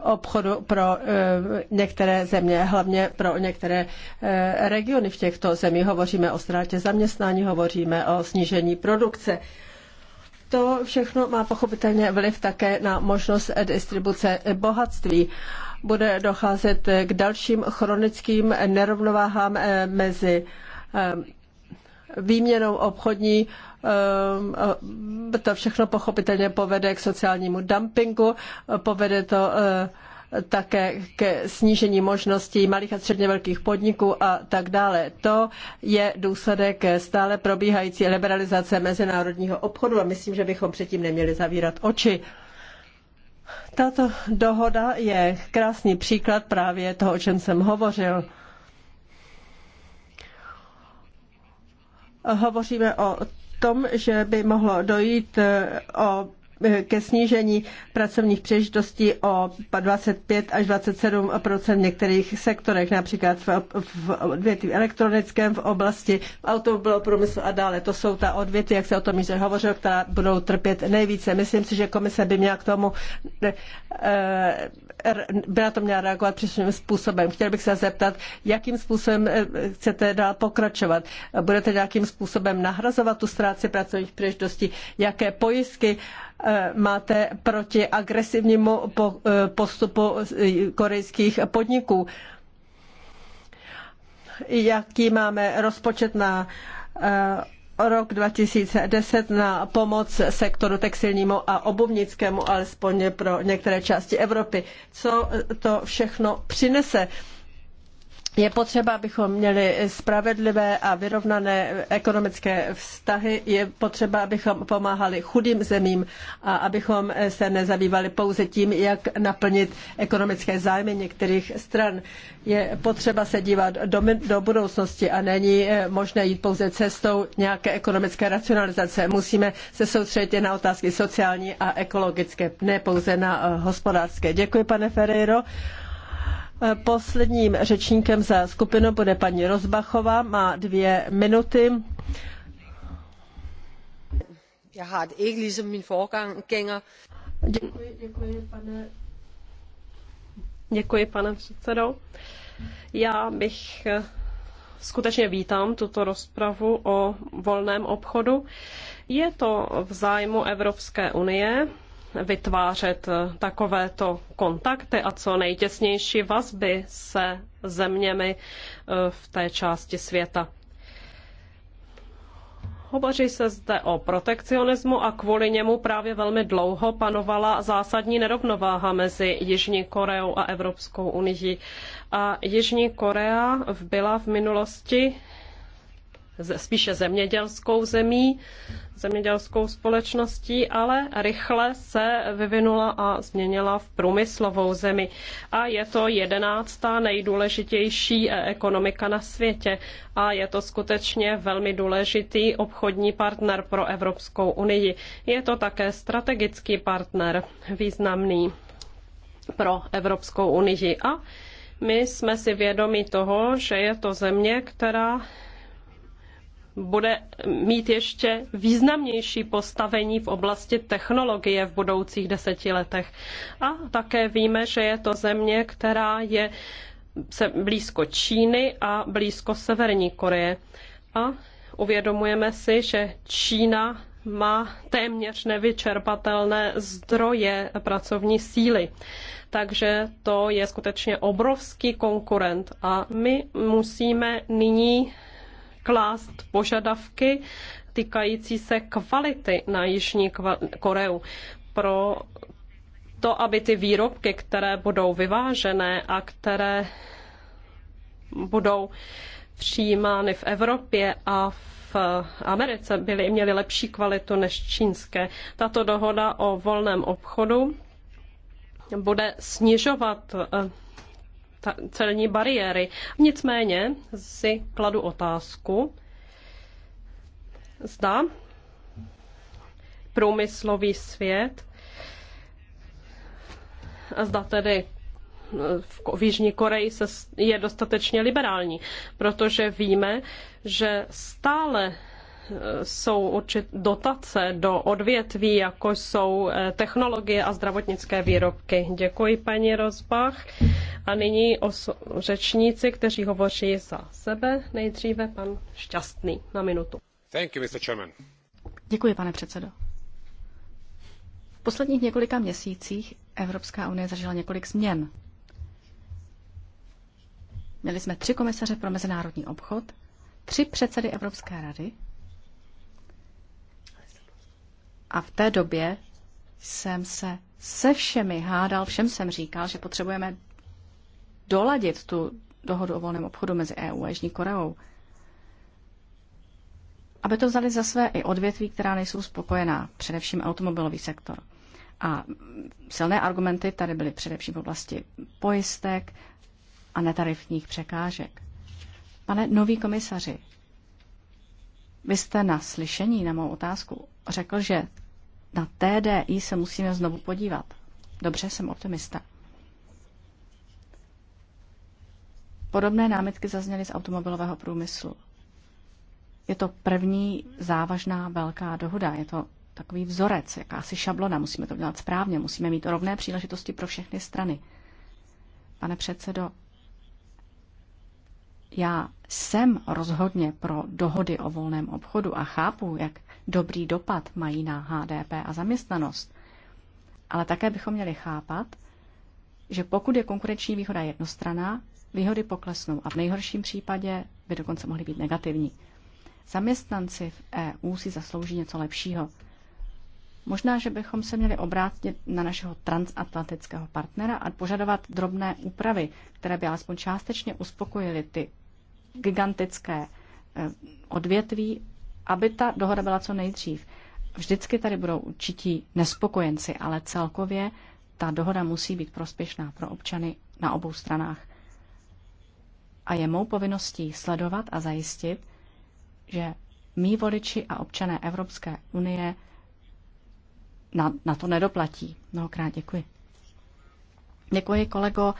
obchodu pro eh, některé země, hlavně pro některé eh, regiony v těchto zemích. Hovoříme o ztrátě zaměstnání, hovoříme o snížení produkce. To všechno má pochopitelně vliv také na možnost distribuce bohatství. Bude docházet k dalším chronickým nerovnováhám eh, mezi eh, výměnou obchodní, eh, to všechno pochopitelně povede k sociálnímu dumpingu, povede to také ke snížení možností malých a středně velkých podniků a tak dále. To je důsledek stále probíhající liberalizace mezinárodního obchodu a myslím, že bychom předtím neměli zavírat oči. Tato dohoda je krásný příklad právě toho, o čem jsem hovořil. Hovoříme o tom, že by mohlo dojít eh, o ke snížení pracovních příležitostí o 25 až 27 v některých sektorech, například v, v odvětví elektronickém, v oblasti automobilového průmyslu a dále. To jsou ta odvětví, jak se o tom již hovořil, která budou trpět nejvíce. Myslím si, že komise by měla k tomu eh, by na to měla reagovat příslušným způsobem. Chtěl bych se zeptat, jakým způsobem eh, chcete dál pokračovat. Budete nějakým způsobem nahrazovat tu ztráci pracovních příležitostí? Jaké pojistky eh, máte proti agresivnímu eh, postupu korejských podniků? Jaký máme rozpočet na rok 2010 na pomoc sektoru textilnímu a obuvnickému, alespoň pro některé části Evropy. Co to všechno přinese? je potřeba, abychom měli spravedlivé a vyrovnané ekonomické vztahy, je potřeba, abychom pomáhali chudým zemím a abychom se nezabývali pouze tím, jak naplnit ekonomické zájmy některých stran. Je potřeba se dívat do, do budoucnosti a není eh, možné jít pouze cestou nějaké ekonomické racionalizace. Musíme se soustředit na otázky sociální a ekologické, ne pouze na eh, hospodářské. Děkuji, pane Ferreiro. Posledním řečníkem za skupinu bude paní Rozbachová, má dvě minuty. Děkuji, děkuji, pane, děkuji, pane předsedo. Já bych eh, skutečně vítám tuto rozpravu o volném obchodu. Je to v zájmu Evropské unie, vytvářet eh, takovéto kontakty a co nejtěsnější vazby se zeměmi eh, v té části světa. Hovoří se zde o protekcionismu a kvůli němu právě velmi dlouho panovala zásadní nerovnováha mezi Jižní Koreou a Evropskou unii. A Jižní Korea byla v minulosti spíše zemědělskou zemí, zemědělskou společností, ale rychle se vyvinula a změnila v průmyslovou zemi. A je to jedenáctá nejdůležitější eh, ekonomika na světě a je to skutečně velmi důležitý obchodní partner pro Evropskou unii. Je to také strategický partner, významný pro Evropskou unii. A my jsme si vědomi toho, že je to země, která bude mít ještě významnější postavení v oblasti technologie v budoucích deseti letech. A také víme, že je to země, která je se blízko Číny a blízko Severní Koreje. A uvědomujeme si, že Čína má téměř nevyčerpatelné zdroje pracovní síly. Takže to je skutečně obrovský konkurent a my musíme nyní klást požadavky týkající se kvality na Jižní Koreu pro to, aby ty výrobky, které budou vyvážené a které budou přijímány v Evropě a v Americe, byly, měly lepší kvalitu než čínské. Tato dohoda o volném obchodu bude snižovat eh, ta, celní bariéry. Nicméně si kladu otázku, zda průmyslový svět a zda tedy v Jižní Koreji se je dostatečně liberální, protože víme, že stále jsou dotace do odvětví, jako jsou eh, technologie a zdravotnické výrobky. Děkuji, paní Rozbach. A nyní oso- řečníci, kteří hovoří za sebe. Nejdříve pan Šťastný na minutu. Thank you, Mr. Chairman. Děkuji, pane předsedo. V posledních několika měsících Evropská unie zažila několik změn. Měli jsme tři komisaře pro mezinárodní obchod, tři předsedy Evropské rady a v té době jsem se se všemi hádal, všem jsem říkal, že potřebujeme doladit tu dohodu o volném obchodu mezi EU a Jižní Koreou. Aby to vzali za své i odvětví, která nejsou spokojená, především automobilový sektor. A silné argumenty tady byly především v oblasti pojistek a netarifních překážek. Pane nový komisaři, vy jste na slyšení na mou otázku řekl, že na TDI se musíme znovu podívat. Dobře, jsem optimista. Podobné námitky zazněly z automobilového průmyslu. Je to první závažná velká dohoda. Je to takový vzorec, jakási šablona. Musíme to dělat správně, musíme mít rovné příležitosti pro všechny strany. Pane předsedo, já jsem rozhodně pro dohody o volném obchodu a chápu, jak dobrý dopad mají na HDP a zaměstnanost. Ale také bychom měli chápat, že pokud je konkurenční výhoda jednostraná, výhody poklesnou a v nejhorším případě by dokonce mohly být negativní. Zaměstnanci v EU si zaslouží něco lepšího. Možná, že bychom se měli obrátit na našeho transatlantického partnera a požadovat drobné úpravy, které by alespoň částečně uspokojily ty gigantické eh, odvětví, aby ta dohoda byla co nejdřív. Vždycky tady budou určití nespokojenci, ale celkově ta dohoda musí být prospěšná pro občany na obou stranách. A je mou povinností sledovat a zajistit, že mý voliči a občané Evropské unie na, na to nedoplatí. Mnohokrát děkuji. Děkuji, kolego.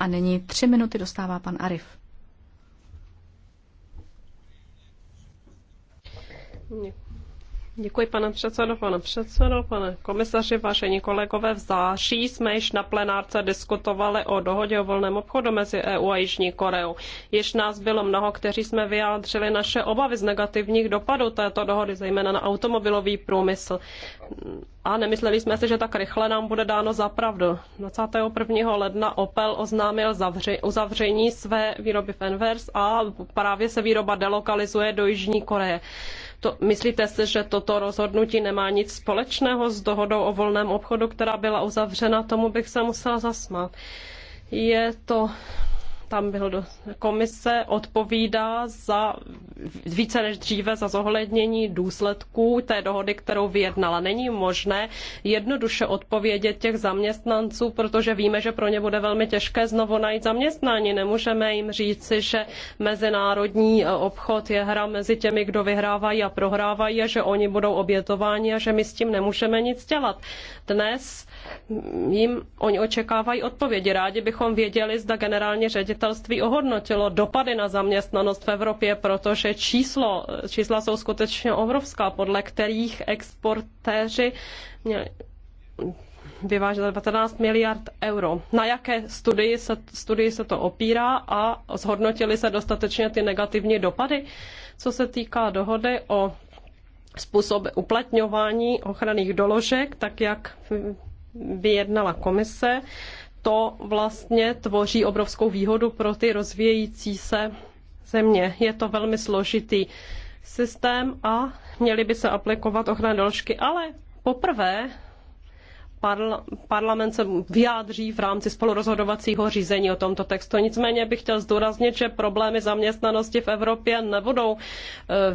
A nyní tři minuty dostává pan Arif. Děkuji, pane předsedo, pane předsedo, pane komisaři, vážení kolegové. V září jsme již na plenárce diskutovali o dohodě o volném obchodu mezi EU a Jižní Koreou. Již nás bylo mnoho, kteří jsme vyjádřili naše obavy z negativních dopadů této dohody, zejména na automobilový průmysl. A nemysleli jsme si, že tak rychle nám bude dáno za pravdu. 21. ledna Opel oznámil zavři, uzavření své výroby v Envers a právě se výroba delokalizuje do Jižní Koreje. To, myslíte si, že toto rozhodnutí nemá nic společného s dohodou o volném obchodu, která byla uzavřena? Tomu bych se musela zasmát. Je to tam byl do, komise odpovídá za více než dříve za zohlednění důsledků té dohody, kterou vyjednala. Není možné jednoduše odpovědět těch zaměstnanců, protože víme, že pro ně bude velmi těžké znovu najít zaměstnání. Nemůžeme jim říci, že mezinárodní e, obchod je hra mezi těmi, kdo vyhrávají a prohrávají a že oni budou obětováni a že my s tím nemůžeme nic dělat. Dnes jim oni očekávají odpovědi. Rádi bychom věděli, zda generální ředitelství ohodnotilo dopady na zaměstnanost v Evropě, protože číslo, čísla jsou skutečně obrovská, podle kterých exportéři měli vyvážet 19 miliard euro. Na jaké studii se, studii se to opírá a zhodnotili se dostatečně ty negativní dopady? Co se týká dohody o způsob uplatňování ochranných doložek, tak jak vyjednala komise, to vlastně tvoří obrovskou výhodu pro ty rozvíjející se země. Je to velmi složitý systém a měly by se aplikovat ochranné doložky, ale poprvé parl- parlament se vyjádří v rámci spolurozhodovacího řízení o tomto textu. Nicméně bych chtěl zdůraznit, že problémy zaměstnanosti v Evropě nebudou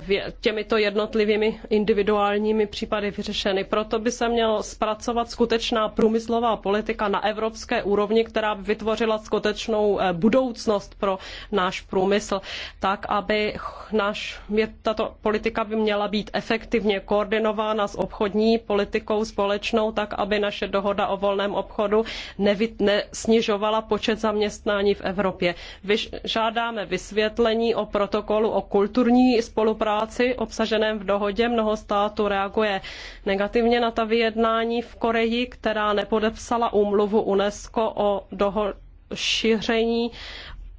eh, těmito jednotlivými individuálními případy vyřešeny. Proto by se mělo zpracovat skutečná průmyslová politika na evropské úrovni, která by vytvořila skutečnou eh, budoucnost pro náš průmysl, tak aby náš, tato politika by měla být efektivně koordinována s obchodní politikou společnou, tak aby naše naše dohoda o volném obchodu nevyt, nesnižovala počet zaměstnání v Evropě. Vyž, žádáme vysvětlení o protokolu o kulturní spolupráci obsaženém v dohodě. Mnoho států reaguje negativně na ta vyjednání v Koreji, která nepodepsala úmluvu UNESCO o dohodě šíření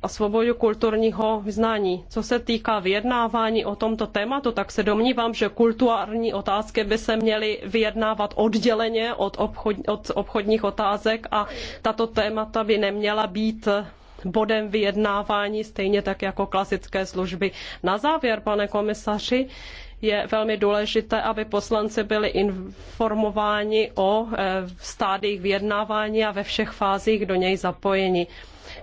a svobodu kulturního vyznání. Co se týká vyjednávání o tomto tématu, tak se domnívám, že kulturní otázky by se měly vyjednávat odděleně od, obchod, od obchodních otázek a tato témata by neměla být bodem vyjednávání, stejně tak jako klasické služby. Na závěr, pane komisaři, je velmi důležité, aby poslanci byli informováni o eh, stádiích vyjednávání a ve všech fázích do něj zapojeni.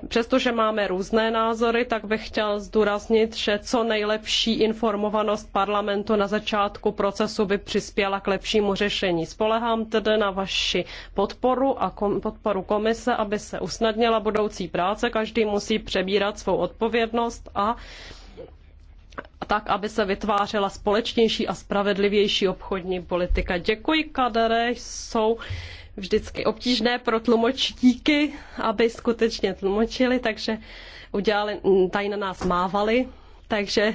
Přestože máme různé názory, tak bych chtěl zdůraznit, že co nejlepší informovanost parlamentu na začátku procesu by přispěla k lepšímu řešení. Spolehám tedy na vaši podporu a kom, podporu komise, aby se usnadnila budoucí práce. Každý musí přebírat svou odpovědnost a tak, aby se vytvářela společnější a spravedlivější obchodní politika. Děkuji, Kadere, jsou vždycky obtížné pro tlumočníky, aby skutečně tlumočili, takže udělali, mm, tady na nás mávali, takže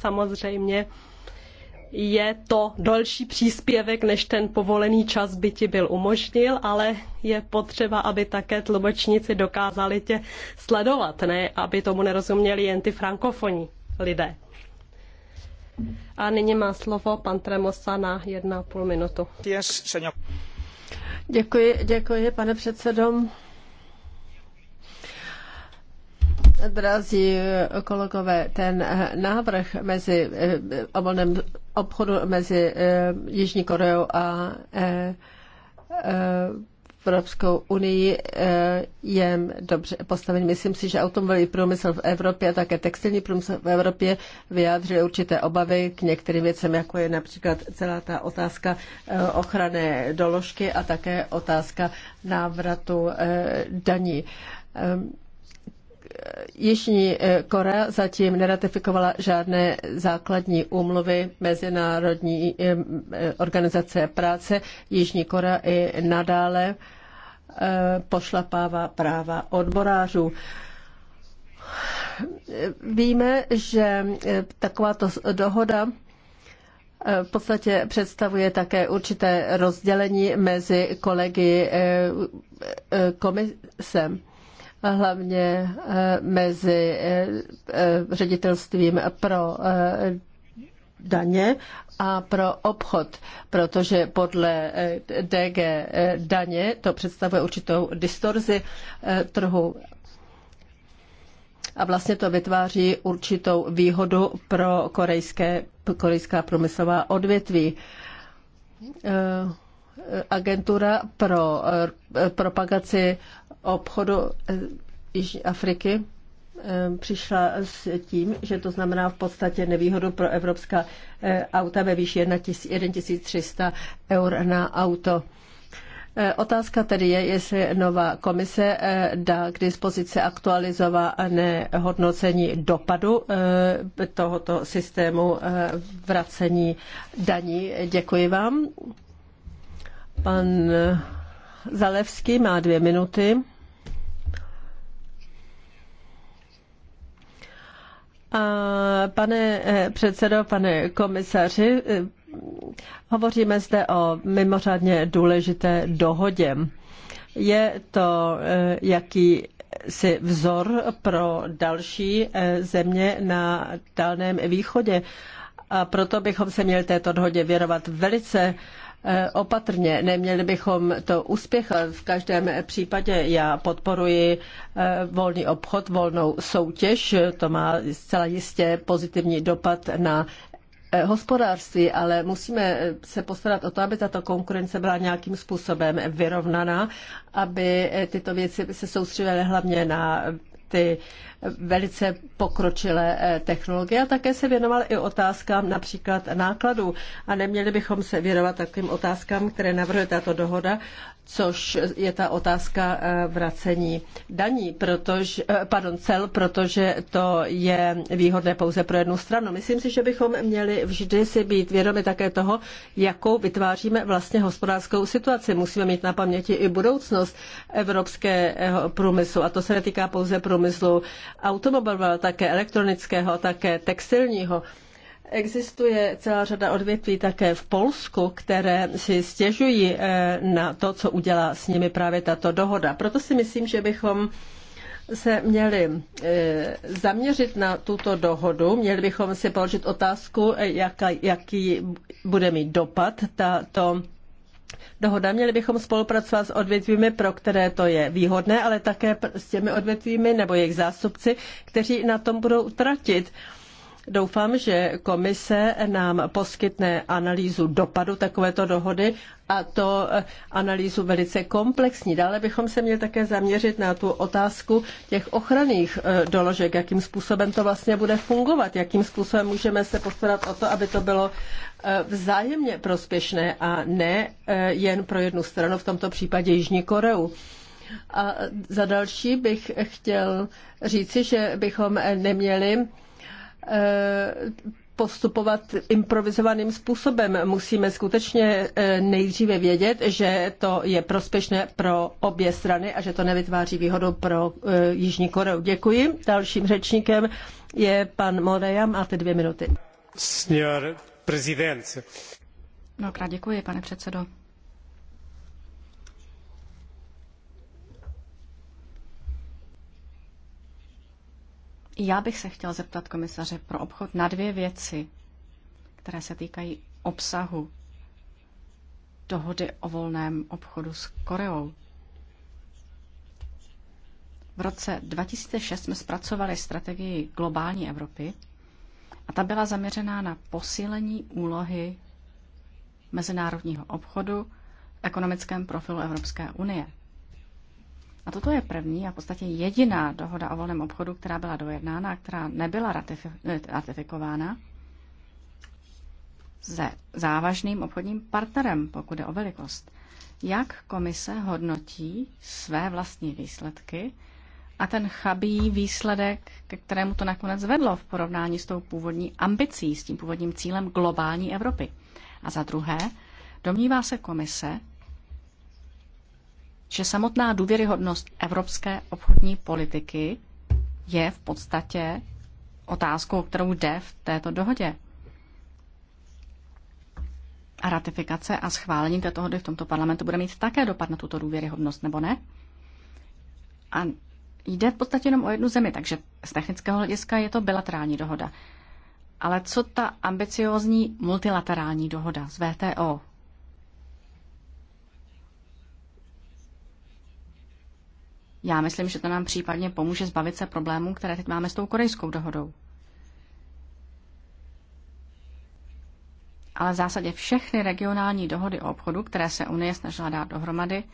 samozřejmě je to další příspěvek, než ten povolený čas by ti byl umožnil, ale je potřeba, aby také tlumočníci dokázali tě sledovat, ne? Aby tomu nerozuměli jen ty frankofoní lidé. A nyní má slovo pan Tremosa na jedna půl minutu. Děkuji, děkuji, pane předsedo. Drazí kolegové, ten návrh mezi eh, o volném obchodu mezi eh, Jižní Koreou a eh, Evropskou unii eh, je dobře postavený. Myslím si, že automobilový průmysl v Evropě a také textilní průmysl v Evropě vyjádřil určité obavy k některým věcem, jako je například celá ta otázka eh, ochrany doložky a také otázka návratu eh, daní. Ehm, Jižní eh, Korea zatím neratifikovala žádné základní úmluvy Mezinárodní eh, organizace práce. Jižní Korea i nadále eh, pošlapává práva odborářů. Víme, že takováto dohoda v podstatě představuje také určité rozdělení mezi kolegy komisem hlavně eh, mezi eh, eh, ředitelstvím pro daně a pro obchod, protože podle DG daně to představuje určitou distorzi trhu. A vlastně to vytváří určitou výhodu pro korejské, korejská průmyslová odvětví agentura pro eh, propagaci obchodu eh, Jižní Afriky eh, přišla s tím, že to znamená v podstatě nevýhodu pro evropská auta ve výši 1300 eur na auto. Otázka tedy je, jestli nová komise dá k dispozici aktualizované hodnocení dopadu tohoto systému vracení daní. Děkuji vám. Pan eh, Zalevský má dvě minuty. pane eh, předsedo, pane komisaři, eh, hovoříme zde o mimořádně důležité dohodě. Je to jaký si vzor pro další země na Dálném východě. A proto bychom se měli této dohodě věnovat velice Eh, opatrně. Neměli bychom to uspěchat. V každém případě já podporuji eh, volný obchod, volnou soutěž. To má zcela jistě pozitivní dopad na eh, hospodářství, ale musíme se postarat o to, aby tato konkurence byla nějakým způsobem vyrovnaná, aby tyto věci se soustředily hlavně na ty velice pokročilé eh, technologie a také se věnoval i otázkám například nákladů. A neměli bychom se věnovat takovým otázkám, které navrhuje tato dohoda, což je ta otázka eh, vracení daní, protože, eh, pardon, cel, protože to je výhodné pouze pro jednu stranu. Myslím si, že bychom měli vždy si být vědomi také toho, jakou vytváříme vlastně hospodářskou situaci. Musíme mít na paměti i budoucnost evropského průmyslu a to se netýká pouze průmyslu automobilového, také elektronického, také textilního. Existuje celá řada odvětví také v Polsku, které si stěžují eh, na to, co udělá s nimi právě tato dohoda. Proto si myslím, že bychom se měli eh, zaměřit na tuto dohodu, měli bychom si položit otázku, eh, jaký bude mít dopad tato dohoda. Měli bychom spolupracovat s odvětvími, pro které to je výhodné, ale také s těmi odvětvími nebo jejich zástupci, kteří na tom budou utratit. Doufám, že komise nám poskytne analýzu dopadu takovéto dohody a to eh, analýzu velice komplexní. Dále bychom se měli také zaměřit na tu otázku těch ochranných eh, doložek, jakým způsobem to vlastně bude fungovat, jakým způsobem můžeme se postarat o to, aby to bylo eh, vzájemně prospěšné a ne jen pro jednu stranu, v tomto případě Jižní Koreu. A za další bych chtěl říci, že bychom neměli Eh, postupovat improvizovaným způsobem. Musíme skutečně eh, nejdříve vědět, že to je prospěšné pro obě strany a že to nevytváří výhodu pro eh, Jižní Koreu. Děkuji. Dalším řečníkem je pan Moreja. Máte dvě minuty. prezident. Mnohokrát děkuji, pane předsedo. Já bych se chtěl zeptat komisaře pro obchod na dvě věci, které se týkají obsahu dohody o volném obchodu s Koreou. V roce 2006 jsme zpracovali strategii globální Evropy a ta byla zaměřená na posílení úlohy mezinárodního obchodu v ekonomickém profilu Evropské unie. A toto je první a v podstatě jediná dohoda o volném obchodu, která byla dojednána a která nebyla ratifi- eh, ratifikována se závažným obchodním partnerem, pokud je o velikost. Jak komise hodnotí své vlastní výsledky a ten chabý výsledek, ke kterému to nakonec vedlo v porovnání s tou původní ambicí, s tím původním cílem globální Evropy? A za druhé, domnívá se komise, že samotná důvěryhodnost evropské obchodní politiky je v podstatě otázkou, kterou jde v této dohodě. A ratifikace a schválení této dohody v tomto parlamentu bude mít také dopad na tuto důvěryhodnost, nebo ne? A jde v podstatě jenom o jednu zemi, takže z technického hlediska je to bilaterální dohoda. Ale co ta ambiciózní multilaterální dohoda z VTO? Já myslím, že to nám případně pomůže zbavit se problémů, které teď máme s tou korejskou dohodou. Ale v zásadě všechny regionální dohody o obchodu, které se Unie snažila dát dohromady,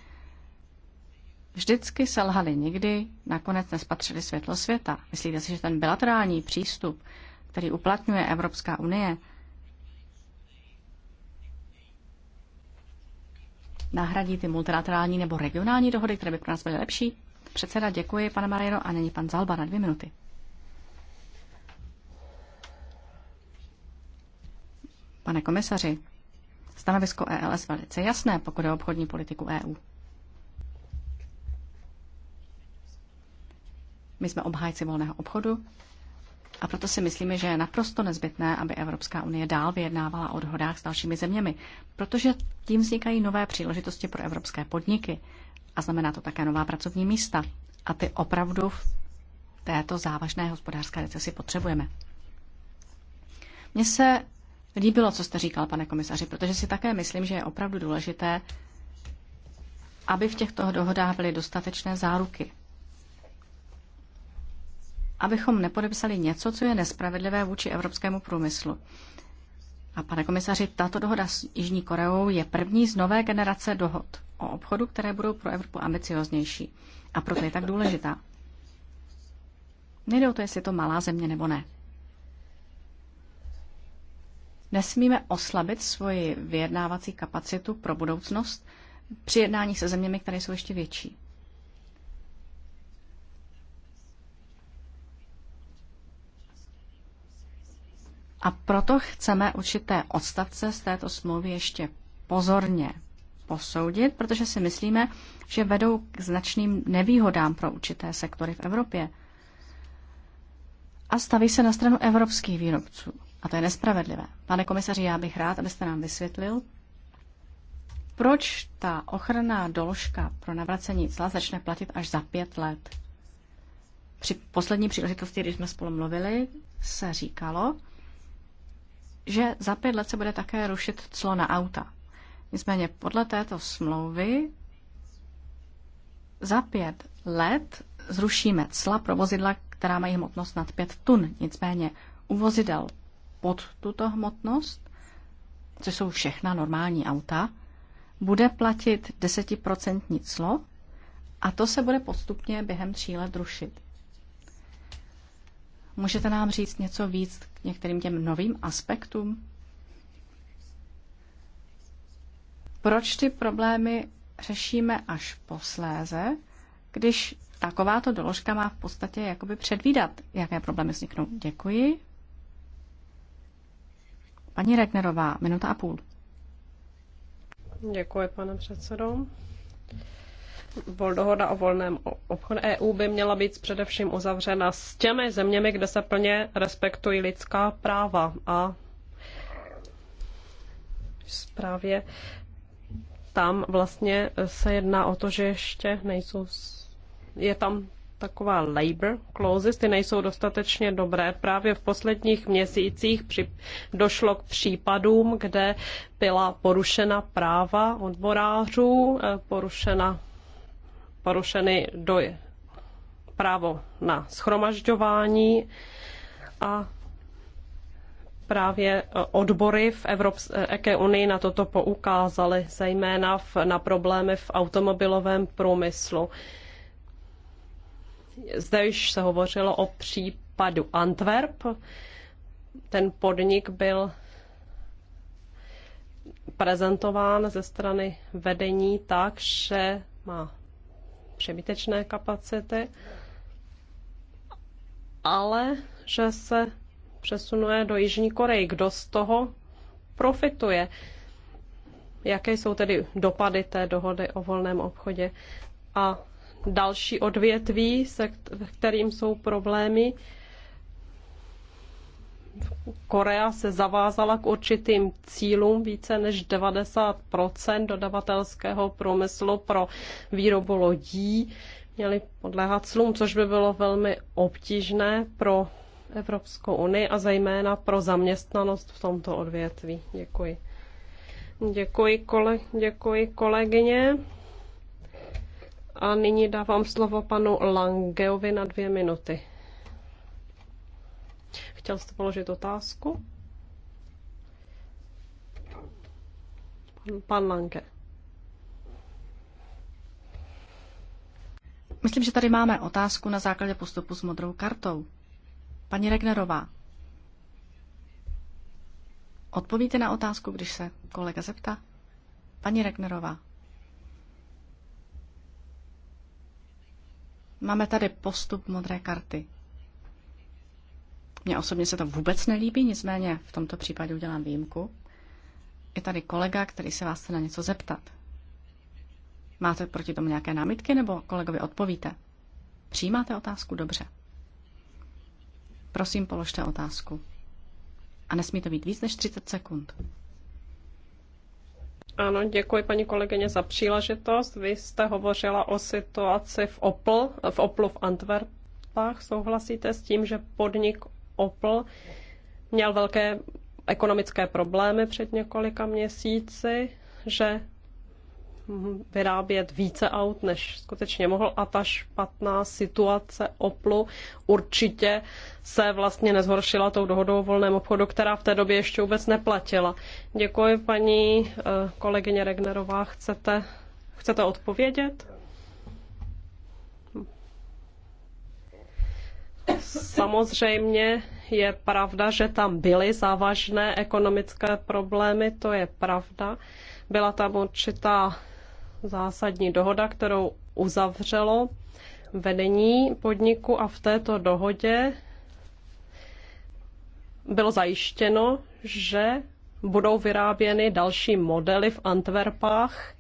vždycky selhaly nikdy, nakonec nespatřili světlo světa. Myslíte si, že ten bilaterální přístup, který uplatňuje Evropská unie, nahradí ty multilaterální nebo regionální dohody, které by pro nás byly lepší? Předseda, děkuji, pane Marajero, a nyní pan Zalba na dvě minuty. Pane komisaři, stanovisko ELS velice jasné, pokud je obchodní politiku EU. My jsme obhájci volného obchodu a proto si myslíme, že je naprosto nezbytné, aby Evropská unie dál vyjednávala o dohodách s dalšími zeměmi, protože tím vznikají nové příležitosti pro evropské podniky, a znamená to také nová pracovní místa. A ty opravdu v této závažné hospodářské recesi potřebujeme. Mně se líbilo, co jste říkal, pane komisaři, protože si také myslím, že je opravdu důležité, aby v těchto dohodách byly dostatečné záruky. Abychom nepodepsali něco, co je nespravedlivé vůči evropskému průmyslu. A pane komisaři, tato dohoda s Jižní Koreou je první z nové generace dohod o obchodu, které budou pro Evropu ambicioznější. A proto je tak důležitá. Nejde o to, jestli je to malá země nebo ne. Nesmíme oslabit svoji vyjednávací kapacitu pro budoucnost při jednání se zeměmi, které jsou ještě větší. A proto chceme určité odstavce z této smlouvy ještě pozorně posoudit, protože si myslíme, že vedou k značným nevýhodám pro určité sektory v Evropě. A staví se na stranu evropských výrobců. A to je nespravedlivé. Pane komisaři, já bych rád, abyste nám vysvětlil, proč ta ochranná doložka pro navracení cla začne platit až za pět let. Při poslední příležitosti, když jsme spolu mluvili, se říkalo, že za pět let se bude také rušit clo na auta. Nicméně podle této smlouvy za pět let zrušíme cla pro vozidla, která mají hmotnost nad pět tun. Nicméně u vozidel pod tuto hmotnost, což jsou všechna normální auta, bude platit desetiprocentní clo a to se bude postupně během tří let rušit. Můžete nám říct něco víc k některým těm novým aspektům? proč ty problémy řešíme až posléze, když takováto doložka má v podstatě jakoby předvídat, jaké problémy vzniknou. Děkuji. Paní Regnerová, minuta a půl. Děkuji, pane předsedo. Dohoda o volném obchodu EU by měla být především uzavřena s těmi zeměmi, kde se plně respektují lidská práva a právě tam vlastně se jedná o to, že ještě nejsou, je tam taková labor clauses, ty nejsou dostatečně dobré. Právě v posledních měsících při, došlo k případům, kde byla porušena práva odborářů, eh, porušena, porušeny do, právo na schromažďování a právě e, odbory v e, Evropské unii na toto poukázaly, zejména v, na problémy v automobilovém průmyslu. Zde již se hovořilo o případu Antwerp. Ten podnik byl prezentován ze strany vedení tak, že má přebytečné kapacity, ale že se přesunuje do Jižní Koreji. Kdo z toho profituje? Jaké jsou tedy dopady té dohody o volném obchodě? A další odvětví, se kterým jsou problémy, Korea se zavázala k určitým cílům více než 90 dodavatelského průmyslu pro výrobu lodí měly podléhat clům, což by bylo velmi obtížné pro Evropskou unii a zejména pro zaměstnanost v tomto odvětví. Děkuji. Děkuji, kole, děkuji kolegyně. A nyní dávám slovo panu Langeovi na dvě minuty. Chtěl jste položit otázku? Pan, pan Lange. Myslím, že tady máme otázku na základě postupu s modrou kartou. Paní Regnerová, odpovíte na otázku, když se kolega zeptá? Paní Regnerová. Máme tady postup modré karty. Mně osobně se to vůbec nelíbí, nicméně v tomto případě udělám výjimku. Je tady kolega, který se vás chce na něco zeptat. Máte proti tomu nějaké námitky nebo kolegovi odpovíte? Přijímáte otázku dobře. Prosím, položte otázku. A nesmí to být víc než 30 sekund. Ano, děkuji paní kolegyně za příležitost. Vy jste hovořila o situaci v Opl, v Oplu v Antwerpách. Souhlasíte s tím, že podnik Opl měl velké ekonomické problémy před několika měsíci, že vyrábět více aut, než skutečně mohl a ta špatná situace Oplu určitě se vlastně nezhoršila tou dohodou o volném obchodu, která v té době ještě vůbec neplatila. Děkuji, paní eh, kolegyně Regnerová. Chcete, chcete odpovědět? Samozřejmě je pravda, že tam byly závažné ekonomické problémy, to je pravda. Byla tam určitá zásadní dohoda, kterou uzavřelo vedení podniku a v této dohodě bylo zajištěno, že budou vyráběny další modely v Antwerpách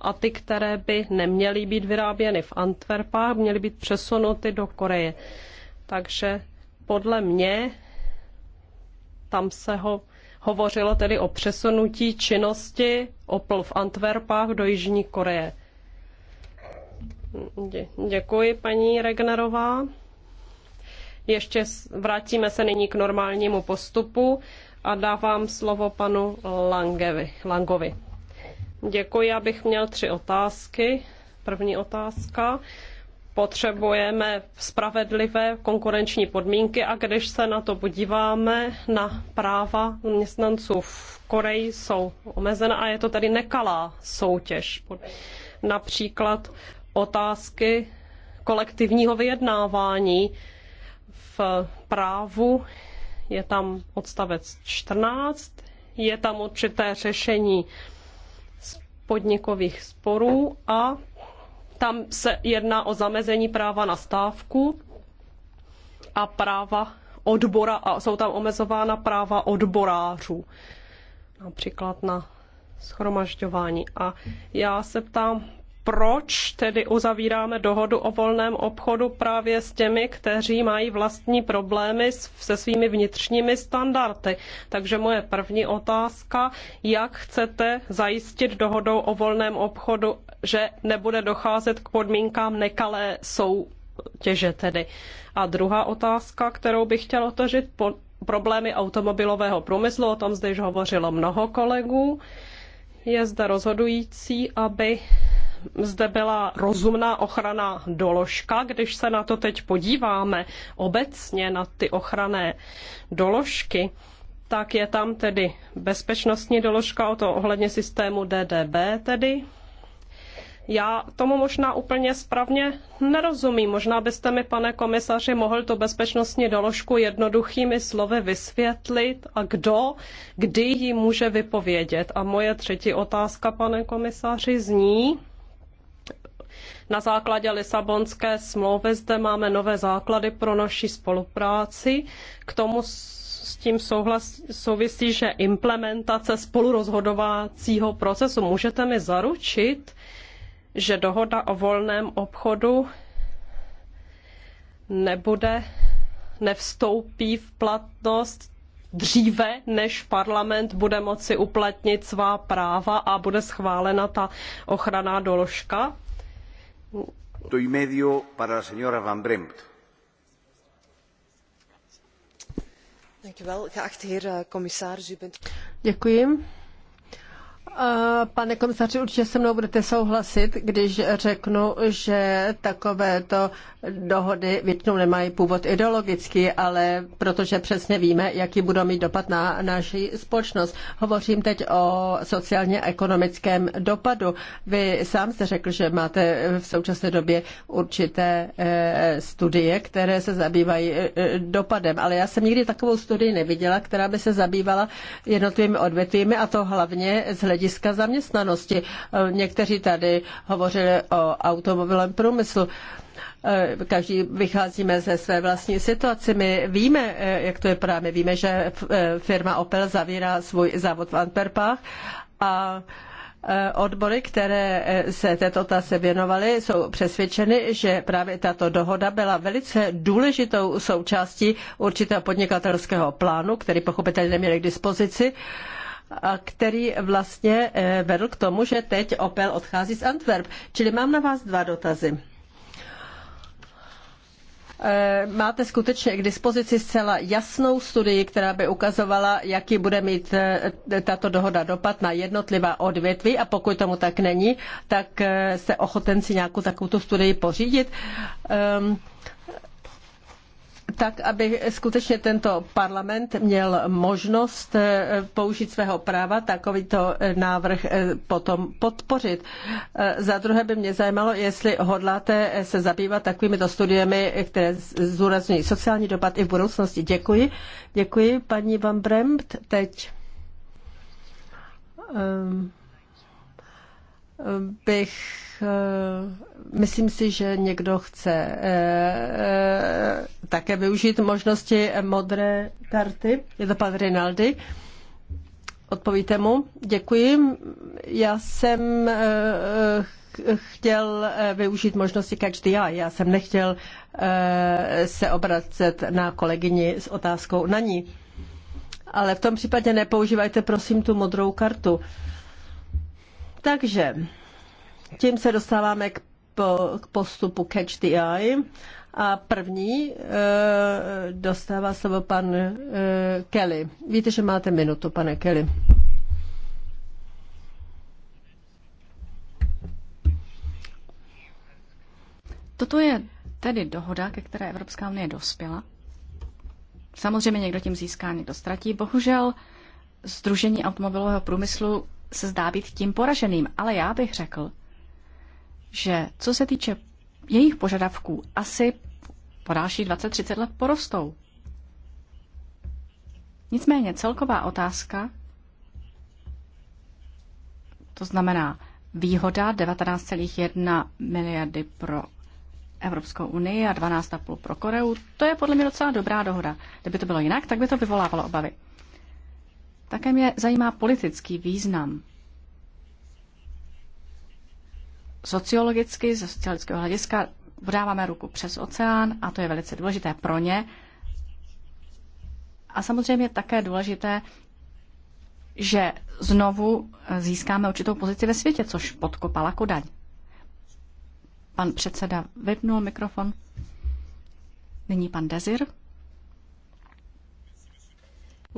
a ty, které by neměly být vyráběny v Antwerpách, měly být přesunuty do Koreje. Takže podle mě tam se ho Hovořilo tedy o přesunutí činnosti Opel v Antwerpách do Jižní Koreje. Děkuji, paní Regnerová. Ještě vrátíme se nyní k normálnímu postupu a dávám slovo panu Langevi, Langovi. Děkuji, abych měl tři otázky. První otázka potřebujeme spravedlivé konkurenční podmínky a když se na to podíváme, na práva zaměstnanců v Koreji jsou omezena a je to tedy nekalá soutěž. Například otázky kolektivního vyjednávání v právu je tam odstavec 14, je tam určité řešení podnikových sporů a tam se jedná o zamezení práva na stávku a práva odbora, a jsou tam omezována práva odborářů, například na schromažďování. A já se ptám, proč tedy uzavíráme dohodu o volném obchodu právě s těmi, kteří mají vlastní problémy se svými vnitřními standardy. Takže moje první otázka, jak chcete zajistit dohodou o volném obchodu že nebude docházet k podmínkám nekalé soutěže tedy. A druhá otázka, kterou bych chtěl otožit, po, problémy automobilového průmyslu, o tom zde již hovořilo mnoho kolegů, je zde rozhodující, aby zde byla rozumná ochrana doložka. Když se na to teď podíváme obecně na ty ochranné doložky, tak je tam tedy bezpečnostní doložka o to ohledně systému DDB tedy, já tomu možná úplně správně nerozumím. Možná byste mi, pane komisaři, mohl tu bezpečnostní doložku jednoduchými slovy vysvětlit a kdo, kdy ji může vypovědět. A moje třetí otázka, pane komisaři, zní, na základě Lisabonské smlouvy zde máme nové základy pro naši spolupráci. K tomu s tím souhlas, souvisí, že implementace spolurozhodovacího procesu můžete mi zaručit, že dohoda o volném obchodu nebude, nevstoupí v platnost dříve, než parlament bude moci uplatnit svá práva a bude schválena ta ochranná doložka. To medio para la señora Van Bremt. Eh, Děkuji. Pane komisaři, určitě se mnou budete souhlasit, když řeknu, že takovéto dohody většinou nemají původ ideologický, ale protože přesně víme, jaký budou mít dopad na naši společnost. Hovořím teď o sociálně ekonomickém dopadu. Vy sám jste řekl, že máte v současné době určité eh, studie, které se zabývají eh, dopadem, ale já jsem nikdy takovou studii neviděla, která by se zabývala jednotlivými odvětvími a to hlavně z hlediska hlediska zaměstnanosti. Eh, někteří tady hovořili o automobilovém průmyslu. Eh, každý vycházíme ze své vlastní situace. My víme, eh, jak to je právě. Víme, že firma Opel zavírá svůj závod v Antwerpách a Odbory, které se této otázce věnovaly, jsou přesvědčeny, že právě tato dohoda byla velice důležitou součástí určitého podnikatelského plánu, který pochopitelně neměli k dispozici který vlastně eh, vedl k tomu, že teď Opel odchází z Antwerp. Čili mám na vás dva dotazy. Eh, máte skutečně k dispozici zcela jasnou studii, která by ukazovala, jaký bude mít eh, tato dohoda dopad na jednotlivá odvětví a pokud tomu tak není, tak se ochoten si nějakou takovou studii pořídit. Ehm, tak aby skutečně tento parlament měl možnost eh, použít svého práva takovýto eh, návrh eh, potom podpořit. Za druhé by mě zajímalo, jestli hodláte se zabývat takovými studiemi, které zúrazňují sociální dopad i v budoucnosti. Děkuji. Děkuji, paní Van Bremt. Teď ehm, ehm, bych Eh, myslím si, že někdo chce eh, také využít možnosti modré karty. Je to pan Rinaldi. Odpovíte mu. Děkuji. Já jsem eh, chtěl využít možnosti Catch the Eye. Já jsem nechtěl se obracet na kolegyni s otázkou na ní. Ale v tom případě nepoužívajte prosím tu modrou kartu. Takže tím se dostáváme k, postupu Catch the Eye. A první e, dostává slovo pan e, Kelly. Víte, že máte minutu, pane Kelly. Toto je tedy dohoda, ke které Evropská unie dospěla. Samozřejmě někdo tím získá, někdo ztratí. Bohužel Združení automobilového průmyslu se zdá být tím poraženým, ale já bych řekl, že co se týče jejich požadavků, asi po další 20-30 let porostou. Nicméně celková otázka, to znamená výhoda 19,1 miliardy pro Evropskou unii a 12,5 pro Koreu, to je podle mě docela dobrá dohoda. Kdyby to bylo jinak, tak by to vyvolávalo obavy. Také mě zajímá politický význam sociologicky, ze sociologického hlediska, podáváme ruku přes oceán a to je velice důležité pro ně. A samozřejmě také důležité, že znovu získáme určitou pozici ve světě, což podkopala Kodaň. Pan předseda vypnul mikrofon. Nyní pan Dezir.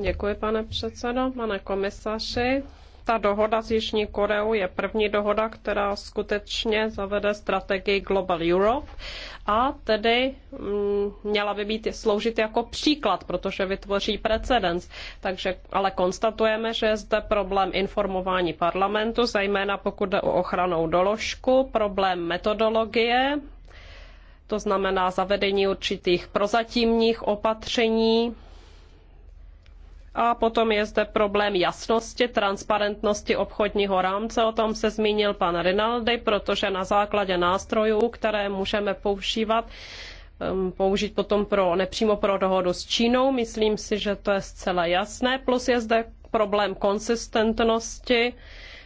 Děkuji, pane předsedo, pane komisaři. Ta dohoda s Jižní Koreou je první dohoda, která skutečně zavede strategii Global Europe a tedy mm, měla by být sloužit jako příklad, protože vytvoří precedens. Takže ale konstatujeme, že je zde problém informování parlamentu, zejména pokud jde o ochranou doložku, problém metodologie, to znamená zavedení určitých prozatímních opatření, a potom je zde problém jasnosti, transparentnosti obchodního rámce. O tom se zmínil pan Rinaldi, protože na základě nástrojů, které můžeme používat, um, použít potom pro, nepřímo pro dohodu s Čínou. Myslím si, že to je zcela jasné. Plus je zde problém konsistentnosti.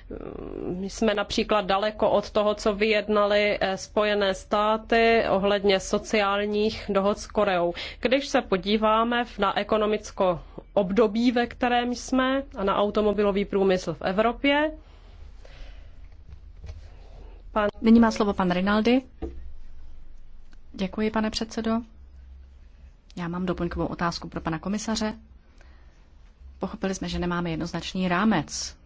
Um, my jsme například daleko od toho, co vyjednali eh, Spojené státy ohledně sociálních dohod s Koreou. Když se podíváme na ekonomicko období, ve kterém jsme, a na automobilový průmysl v Evropě. Pan... Nyní má slovo pan Rinaldi. Děkuji, pane předsedo. Já mám doplňkovou otázku pro pana komisaře. Pochopili jsme, že nemáme jednoznačný rámec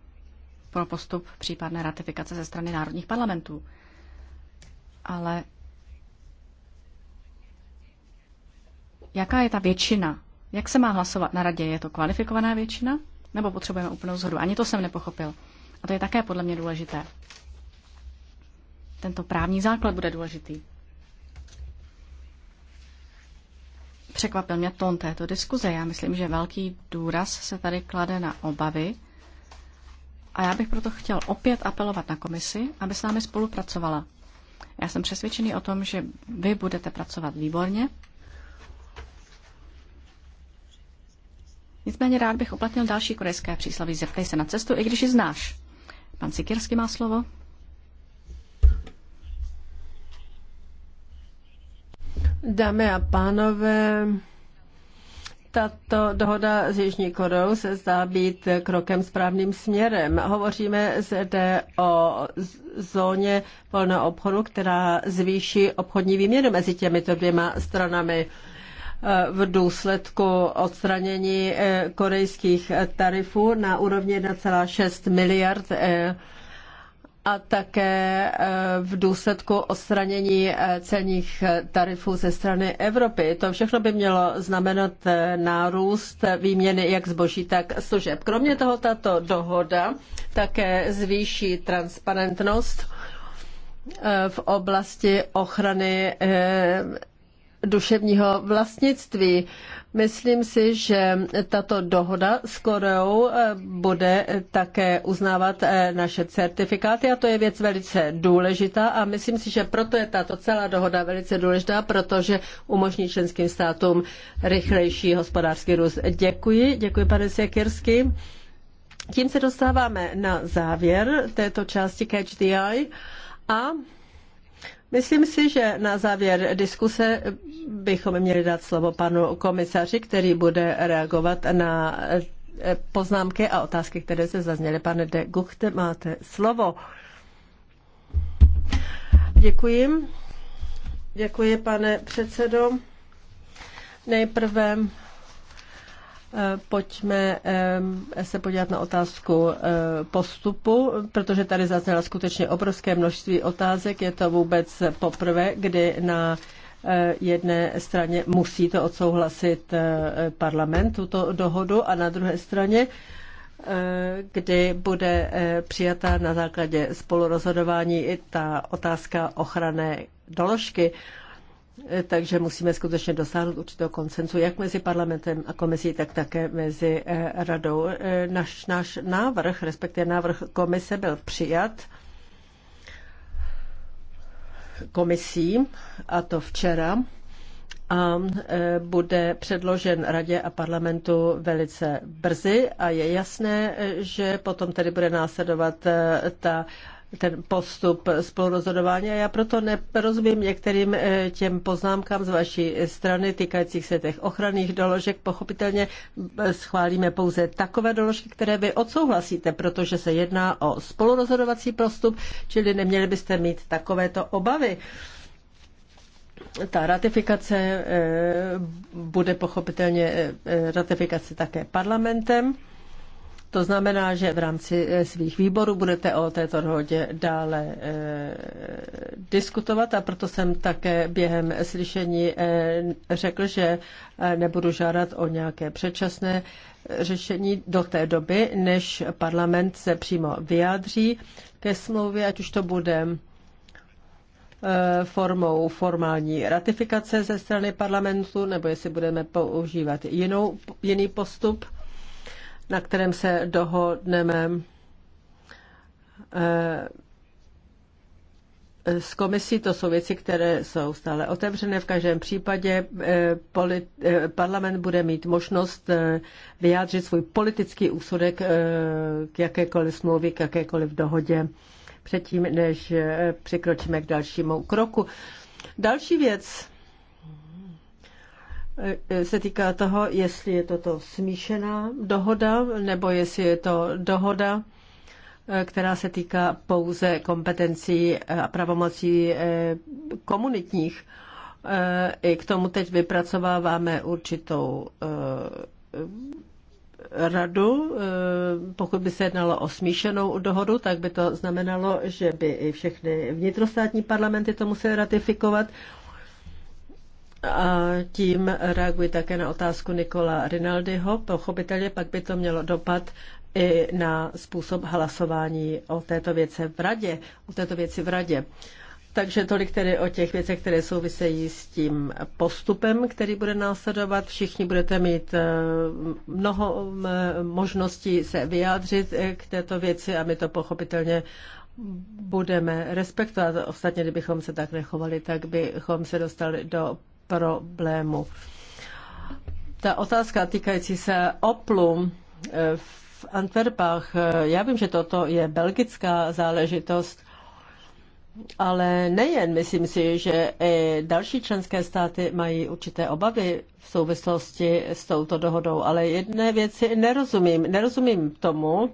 pro postup případné ratifikace ze strany národních parlamentů. Ale jaká je ta většina jak se má hlasovat na radě? Je to kvalifikovaná většina? Nebo potřebujeme úplnou zhodu? Ani to jsem nepochopil. A to je také podle mě důležité. Tento právní základ bude důležitý. Překvapil mě tón této diskuze. Já myslím, že velký důraz se tady klade na obavy. A já bych proto chtěl opět apelovat na komisi, aby s námi spolupracovala. Já jsem přesvědčený o tom, že vy budete pracovat výborně, Nicméně rád bych uplatnil další korejské přísloví. Zeptej se na cestu, i když ji znáš. Pan Sikirsky má slovo. Dámy a pánové, tato dohoda s Jižní Koreou se zdá být krokem správným směrem. Hovoříme zde o zóně volného obchodu, která zvýší obchodní výměnu mezi těmito dvěma stranami v důsledku odstranění eh, korejských tarifů na úrovni 1,6 miliard eh, a také eh, v důsledku odstranění celních tarifů ze strany Evropy. To všechno by mělo znamenat nárůst výměny jak zboží, tak služeb. Kromě toho tato dohoda také zvýší transparentnost v oblasti ochrany duševního vlastnictví. Myslím si, že tato dohoda s Koreou eh, bude také uznávat eh, naše certifikáty a to je věc velice důležitá a myslím si, že proto je tato celá dohoda velice důležitá, protože umožní členským státům rychlejší hospodářský růst. Děkuji, děkuji pane Sekirsky. Tím se dostáváme na závěr této části Catch the Eye a Myslím si, že na závěr diskuse bychom měli dát slovo panu komisaři, který bude reagovat na eh, poznámky a otázky, které se zazněly. Pane de Guchte, máte slovo. Děkuji. Děkuji, pane předsedo. Nejprve Eh, pojďme eh, se podívat na otázku eh, postupu, protože tady zaznělo skutečně obrovské množství otázek. Je to vůbec poprvé, kdy na jedné straně musí to odsouhlasit parlament, tuto dohodu, a na druhé straně kdy bude přijata na základě spolurozhodování i ta otázka ochranné doložky. Eh, takže musíme skutečně dosáhnout určitého koncenzu, jak mezi parlamentem a komisí, tak také mezi eh, radou. Eh, naš, náš návrh, respektive návrh komise, byl přijat komisí, a to včera, a bude předložen radě a parlamentu velice brzy a je jasné, že potom tedy bude následovat ta ten postup spolurozhodování a já proto nerozumím některým eh, těm poznámkám z vaší strany týkajících se těch ochranných doložek. Pochopitelně eh, schválíme pouze takové doložky, které vy odsouhlasíte, protože se jedná o spolurozhodovací postup, čili neměli byste mít takovéto obavy ta ratifikace eh, bude pochopitelně ratifikace také parlamentem. To znamená, že v rámci eh, svých výborů budete o této dohodě dále eh, diskutovat a proto jsem také během slyšení eh, řekl, že nebudu žádat o nějaké předčasné řešení do té doby, než parlament se přímo vyjádří ke smlouvě, ať už to bude formou formální ratifikace ze strany parlamentu, nebo jestli budeme používat jinou, jiný postup na kterém se dohodneme eh, s komisí. To jsou věci, které jsou stále otevřené. V každém případě eh, eh, parlament bude mít možnost vyjádřit svůj politický úsudek k jakékoliv smlouvě, k jakékoliv dohodě předtím, než přikročíme k dalšímu kroku. Další věc, E, e, se týká toho, jestli je toto smíšená dohoda, nebo jestli je to dohoda, e, která se týká pouze kompetencí a pravomocí komunitních. I k tomu teď vypracováváme určitou radu. Pokud by se jednalo o smíšenou dohodu, tak by to znamenalo, že by i všechny vnitrostátní parlamenty to musely ratifikovat a tím reaguji také na otázku Nikola Rinaldiho. Pochopitelně pak by to mělo dopad i na způsob hlasování o této věci v radě. O této věci v radě. Takže tolik tedy o těch věcech, které souvisejí s tím postupem, který bude následovat. Všichni budete mít eh, mnoho možností se vyjádřit eh, k této věci a my to pochopitelně budeme respektovat. Ostatně, kdybychom se tak nechovali, tak bychom se dostali do problému. Ta otázka týkající se Oplu eh, v Antwerpách, eh, já vím, že toto je belgická záležitost, ale nejen, myslím si, že i další členské státy mají určité obavy v souvislosti s touto dohodou, ale jedné věci nerozumím. Nerozumím tomu,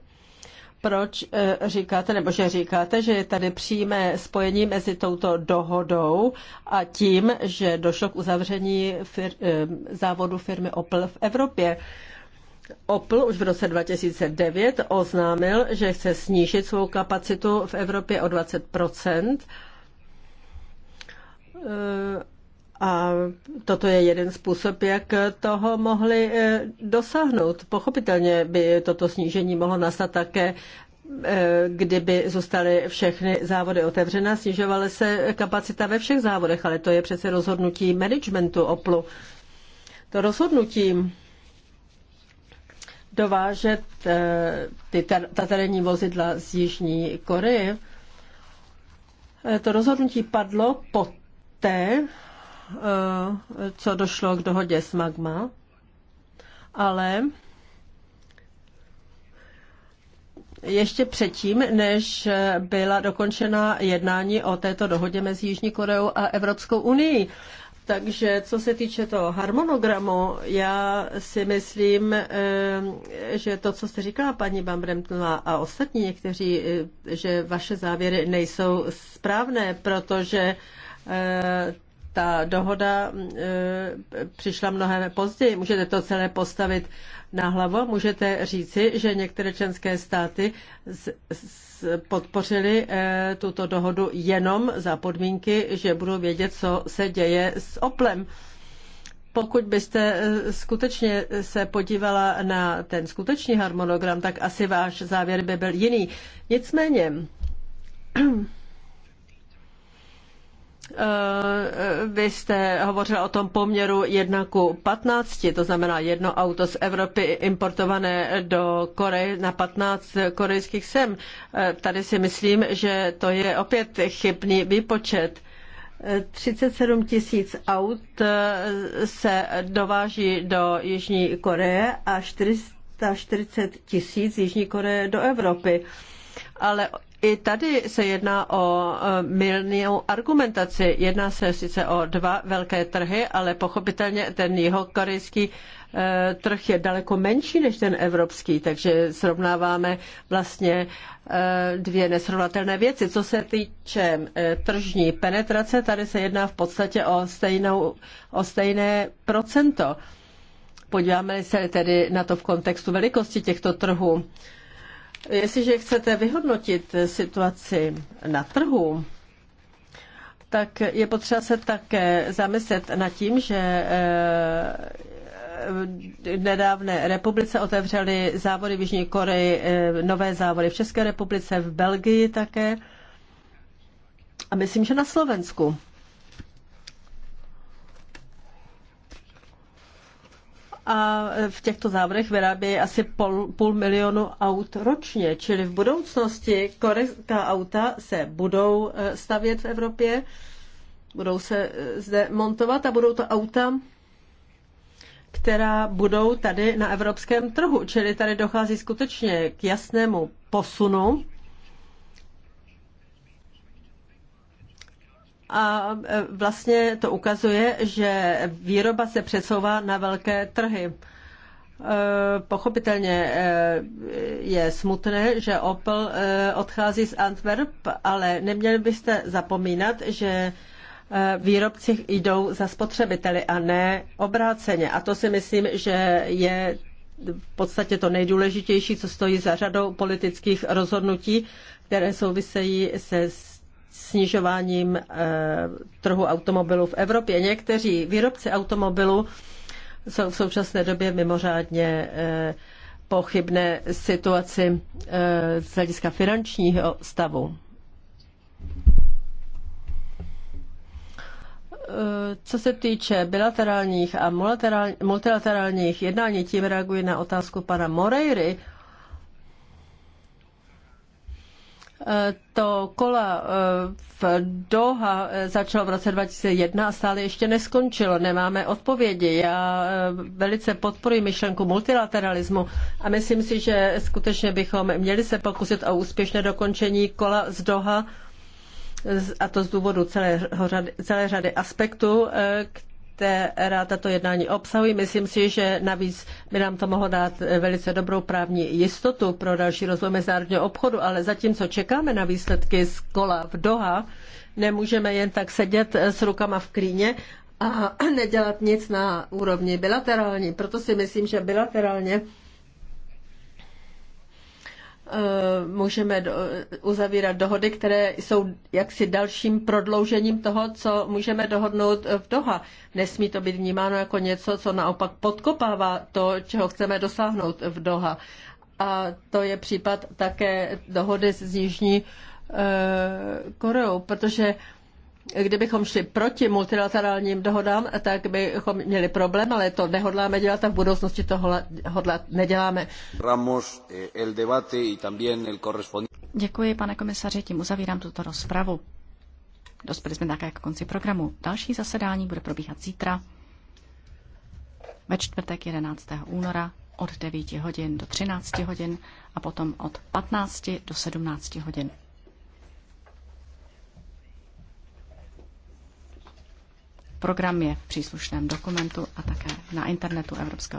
proč eh, říkáte, nebo že říkáte, že je tady přímé spojení mezi touto dohodou a tím, že došlo k uzavření fir, eh, závodu firmy Opel v Evropě. Opel už v roce 2009 oznámil, že chce snížit svou kapacitu v Evropě o 20 a toto je jeden způsob, jak toho mohli eh, dosáhnout. Pochopitelně by toto snížení mohlo nastat také eh, kdyby zůstaly všechny závody otevřené, snižovala se kapacita ve všech závodech, ale to je přece rozhodnutí managementu Oplu. To rozhodnutí dovážet eh, ty taterénní vozidla z Jižní Koreje, to rozhodnutí padlo poté. Eh, co došlo k dohodě s Magma, ale ještě předtím, než byla dokončena jednání o této dohodě mezi Jižní Koreou a Evropskou unii. Takže co se týče toho harmonogramu, já si myslím, eh, že to, co jste říkala, paní Bambremtová a ostatní někteří, eh, že vaše závěry nejsou správné, protože ta dohoda eh, přišla mnohem později. Můžete to celé postavit na hlavu? Můžete říci, že některé členské státy podpořili eh, tuto dohodu jenom za podmínky, že budou vědět, co se děje s Oplem pokud byste eh, skutečně se podívala na ten skutečný harmonogram, tak asi váš závěr by byl jiný. Nicméně, Eh, vy jste hovořila o tom poměru 1 ku 15, to znamená jedno auto z Evropy importované do Koreje na 15 korejských sem. Eh, tady si myslím, že to je opět chybný výpočet. 37 eh, tisíc aut se dováží do Jižní Koreje a 440 tisíc Jižní Koreje do Evropy. Ale i tady se jedná o e, milnou argumentaci. Jedná se sice o dva velké trhy, ale pochopitelně ten korejský e, trh je daleko menší než ten evropský, takže srovnáváme vlastně e, dvě nesrovnatelné věci. Co se týče tržní penetrace, tady se jedná v podstatě o, stejnou, o stejné procento. Podíváme se tedy na to v kontextu velikosti těchto trhů. Jestliže chcete vyhodnotit situaci na trhu, tak je potřeba se také zamyslet nad tím, že eh, nedávné republice otevřely závody v Jižní Koreji, eh, nové závody v České republice, v Belgii také a myslím, že na Slovensku. a v těchto závodech vyrábějí asi pol, půl milionu aut ročně, čili v budoucnosti korejská auta se budou eh, stavět v Evropě, budou se eh, zde montovat a budou to auta, která budou tady na evropském trhu. Čili tady dochází skutečně k jasnému posunu a e, vlastně to ukazuje, že výroba se přesouvá na velké trhy. E, pochopitelně e, je smutné, že Opel odchází z Antwerp, ale neměli byste zapomínat, že výrobci jdou za spotřebiteli a ne obráceně. A to si myslím, že je v podstatě to nejdůležitější, co stojí za řadou politických rozhodnutí, které souvisejí se snižováním eh, trhu automobilů v Evropě. Někteří výrobci automobilů jsou v současné době mimořádně eh, pochybné situaci eh, z hlediska finančního stavu. Co se týče bilaterálních a multilaterálních jednání, tím reaguji na otázku pana Moreiry to kola eh, v Doha eh, začalo v roce 2001 a stále ještě neskončilo. Nemáme odpovědi. Já eh, velice podporuji myšlenku multilateralismu a myslím si, že skutečně bychom měli se pokusit o úspěšné dokončení kola z Doha a to z důvodu celé, celé řady aspektů, která tato jednání obsahují. Myslím si, že navíc by nám to mohlo dát eh, velice dobrou právní jistotu pro další rozvoj mezinárodního obchodu, ale zatímco čekáme na výsledky z kola v Doha, nemůžeme jen tak sedět eh, s rukama v klíně a [clears throat] nedělat nic na úrovni bilaterální. Proto si myslím, že bilaterálně Eh, můžeme uzavírat dohody, které jsou jaksi dalším prodloužením toho, co můžeme dohodnout v Doha. Nesmí to být vnímáno jako něco, co naopak podkopává to, čeho chceme dosáhnout v Doha. A to je případ také dohody s Jižní eh, Koreou, protože kdybychom šli proti multilaterálním dohodám, tak bychom měli problém, ale to nehodláme dělat a v budoucnosti to hodlat neděláme. Eh, Děkuji, pane komisaři, tím uzavírám tuto rozpravu. Dospěli jsme také k konci programu. Další zasedání bude probíhat zítra ve čtvrtek 11. února od 9 hodin do 13 hodin a potom od 15 do 17 hodin. Program je v příslušném dokumentu a také na internetu Evropského